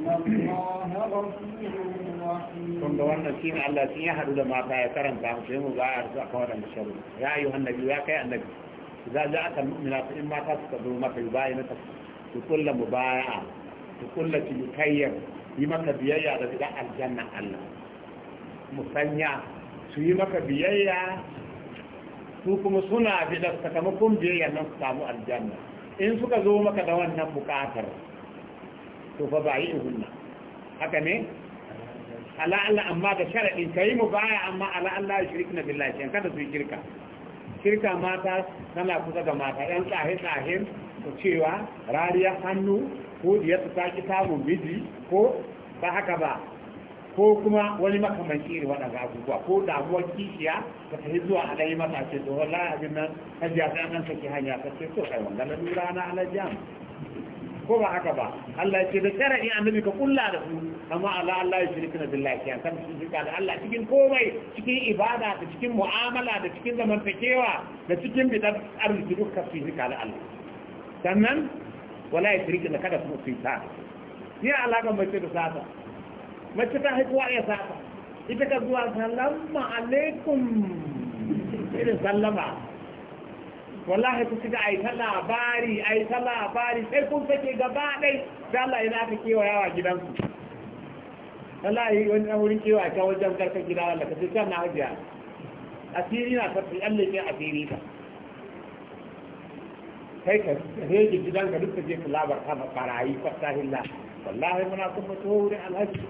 kuma wannan shi ne Allah sun ya haɗu da mata ya karanta mu sai mu ba a rasa kawar da sharu ya yi annabi ya kai annabi za za aka mu'mina su in mata suka zo maka yi bayan ta su kulla mu baya su kulla su yi yi maka biyayya da shiga aljannan Allah musanya su yi maka biyayya su kuma suna bi da sakamakon biyayya nan su samu aljanna in suka zo maka da wannan bukatar to fa bayi hunna haka ne ala Allah amma da sharadin kai mu baya amma ala Allah na billahi kan kada su shirka shirka mata tana kusa da mata yan tsahe tsahe ko cewa rariya hannu ko da ta saki samun miji ko ba haka ba ko kuma wani makamanci irin ga abubuwa ko damuwar kishiya ta tafi zuwa a ɗaya mata ce to wallahi abin nan hajji a nan saki hanya ta ce to kai wanda lura na alajiyar ko ba haka ba Allah ya ce da sharadi annabi ka kulla da su amma Allah Allah ya shirka billahi ya san shi shirka da Allah cikin komai cikin ibada da cikin mu'amala da cikin zamantakewa da cikin bidar arziki duka su shirka da Allah sannan wala ya shirka da kada su su ta ya alaka mace da sata mace ta haihuwa ya sata ita ka zuwa sallama alaikum irin sallama wallahi ku shiga ai ta labari ai ta labari sai kun sake gaba dai da Allah yana ka kewa yawa gidansu wallahi wani dan wurin kewa ka wajen karka gida Allah ka sai na hajiya asiri na tafi Allah ne asiri ka kai ka rage gidanka duk ka je ka labar kama barayi fasahilla wallahi muna kuma tsohuri alhaji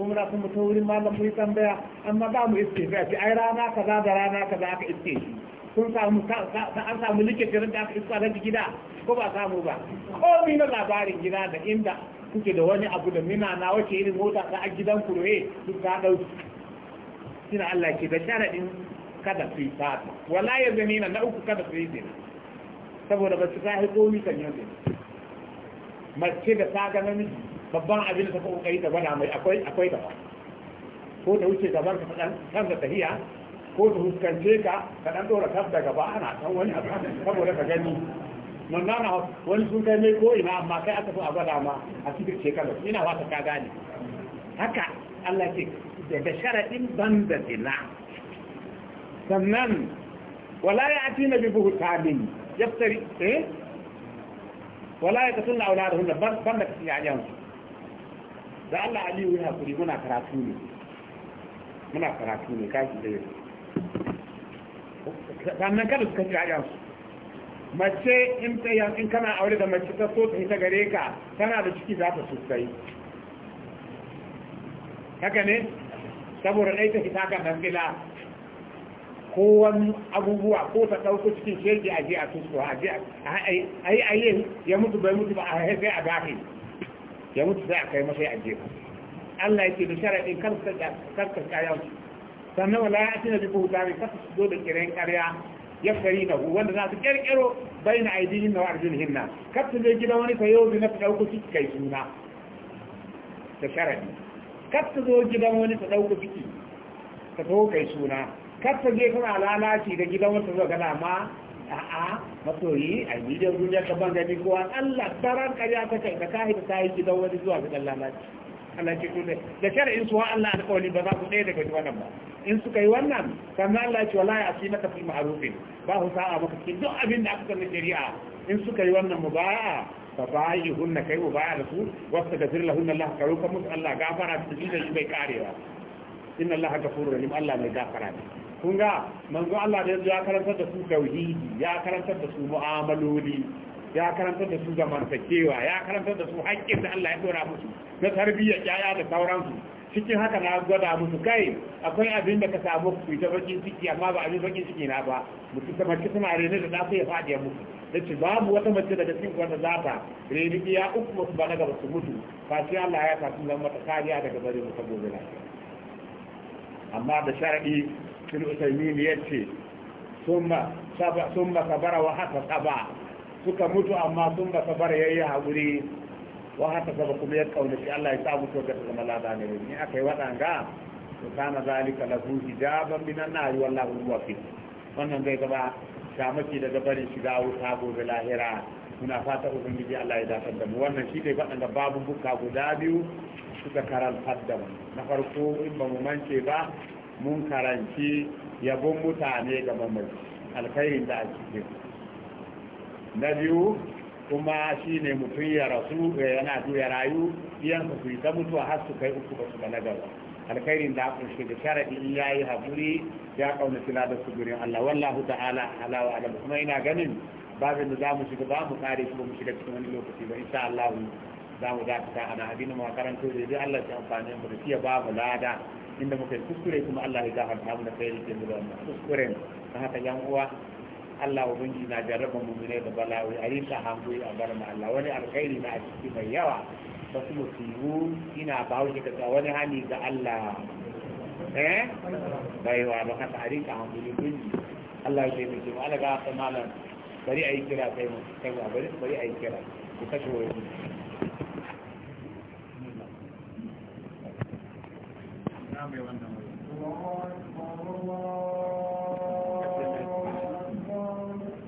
kuma na kuma tsohuri malam mu yi tambaya amma ba mu iske sai a ce ai rana kaza da rana kaza aka iske shi sun samu an samu likitarin da aka iska daga gida ko ba samu ba ko na labarin gida da inda kuke da wani abu da mina na wace irin mota ta a gidan kuroye eh, duk ta ɗauki suna Allah ke da sharaɗin kada su yi fata wala ya zane na uku kada su yi zina saboda ba su zahi komi kan yau zina mace da ta ga namiji babban abin da ta kokari da gwada mai akwai akwai gaba ko ta wuce gaban ta faɗan kan da tahiya ko su huskance ka ka dan dora kaf daga ba ana san wani abu saboda ka gani mun nana wani sun kai mai ko ina amma kai aka so a gwada ma a cikin shekaru ina wata ka gane haka Allah da daga sharaɗin banda dina sannan wala ya ati na bibu hutamin yaftari eh wala ya kasu na aulada hunna banda ka ya yansu da Allah aliyu ya hakuri muna karatu ne muna karatu ne kai da yau sannan kada su kashe ƴaƴansu mace in ta in kana aure da mace ta so ta ita gare ka tana da ciki za ta sosai haka ne saboda ɗai ta fita kan nan ko wani abubuwa ko ta ɗauko cikin shege a je a tusko a je a yi a yi ya mutu bai mutu ba a haifai a gafi ya mutu sai a kai masai a je. Allah ya ce da sharaɗin karkar kayan su sannan wala ya ce tina bi mai kasa su zo da kiran karya ya kari na hu wanda za su kirkiro bai na aidihin na wa arjunihin na kasa zai gida wani ka yau na ta ɗauko ciki kai suna ta sharadi kasa zo gidan wani ta ɗauko ciki ka tawo kai suna kasa zai kuma lalaci da gidan wani ta zo gana ma a'a masoyi a yi da duniya ka ban gani ko an Allah taran karya ta kai da kahi da kahi gidan wani zuwa ga lalaci Allah ce to da shar'in suwa Allah alƙawari ba za ku ɗaya daga wannan ba in suka yi wannan sannan Allah ce wala ya fi naka fil ma'rufin ba hu sa'a maka cikin duk abin da aka san shari'a in suka yi wannan mubaya fa bayyihunna kai mubaya da su wasta zirla hunna Allah ka roƙa musu Allah gafara su ji da shi bai karewa inna Allah ghafurur rahim Allah mai gafara ne kun ga manzo Allah da ya karantar da su tauhidi ya karantar da su mu'amaloli ya karantar da su zamantakewa ya karantar da su haƙƙin da Allah ya dora musu na tarbiyya kyaya da sauransu cikin haka na gwada musu kai akwai abin da ka samu ku ta bakin ciki amma ba abin bakin ciki na ba mutum ta mace suna rene da zafi ya fadiya musu da ce babu wata mace daga cikin wanda za ta rene uku wasu ba na gaba su mutu face Allah ya kasu zan mata kariya daga bari mu ta gobe amma da sharadi sun usaimin ya ce summa sabara wa haka saba suka mutu amma sun ba sabara yayi haƙuri wa haka sabu kuma ya kaunaci Allah ya sa mutu ga zama lada ne Ni aka yi waɗanga to kana zalika lahu hijaban na nari wallahu huwa fi wannan zai gaba shamaki daga barin shiga wuta gobe lahira muna fata ubangiji Allah ya dafa da wannan shi ne waɗanda babu buka guda biyu suka karanta da mu na farko in ba mu mance ba mun karanci yabon mutane ga mamaci alkhairin da a cikin na biyu kuma shi ne mutum ya rasu eh, yana ya rayu iyansa su yi ta mutuwa har su kai uku ba su ga nagaba alkhairin da aka shiga sharadi in ya yi haƙuri ya ƙauna sila da su gurin Allah wallahu ta'ala ala wa alam kuma ina ganin babin da za mu shiga ba mu kare shi ba mu shiga cikin wani lokaci ba insha Allah za mu dakata ana addinin mu karanto da dai Allah ya amfani mu da shi ba mu lada inda muka kuskure kuma Allah ya gafarta mu da kai da mu da kuskure ta haka yan uwa Allah ubangiji na jarraba mu'minai da balawi a rika hankuri a bar ma Allah wani alkhairi na a ciki mai yawa ba wasu musibu ina ba wuce ka wani hani ga Allah eh baiwa ba ka a rika hankuri kunji Allah ya taimake mu Allah ga ta malam bari ayi kira kai mu kai bari bari ayi kira ku kashe wayoyi na mai wannan wayoyi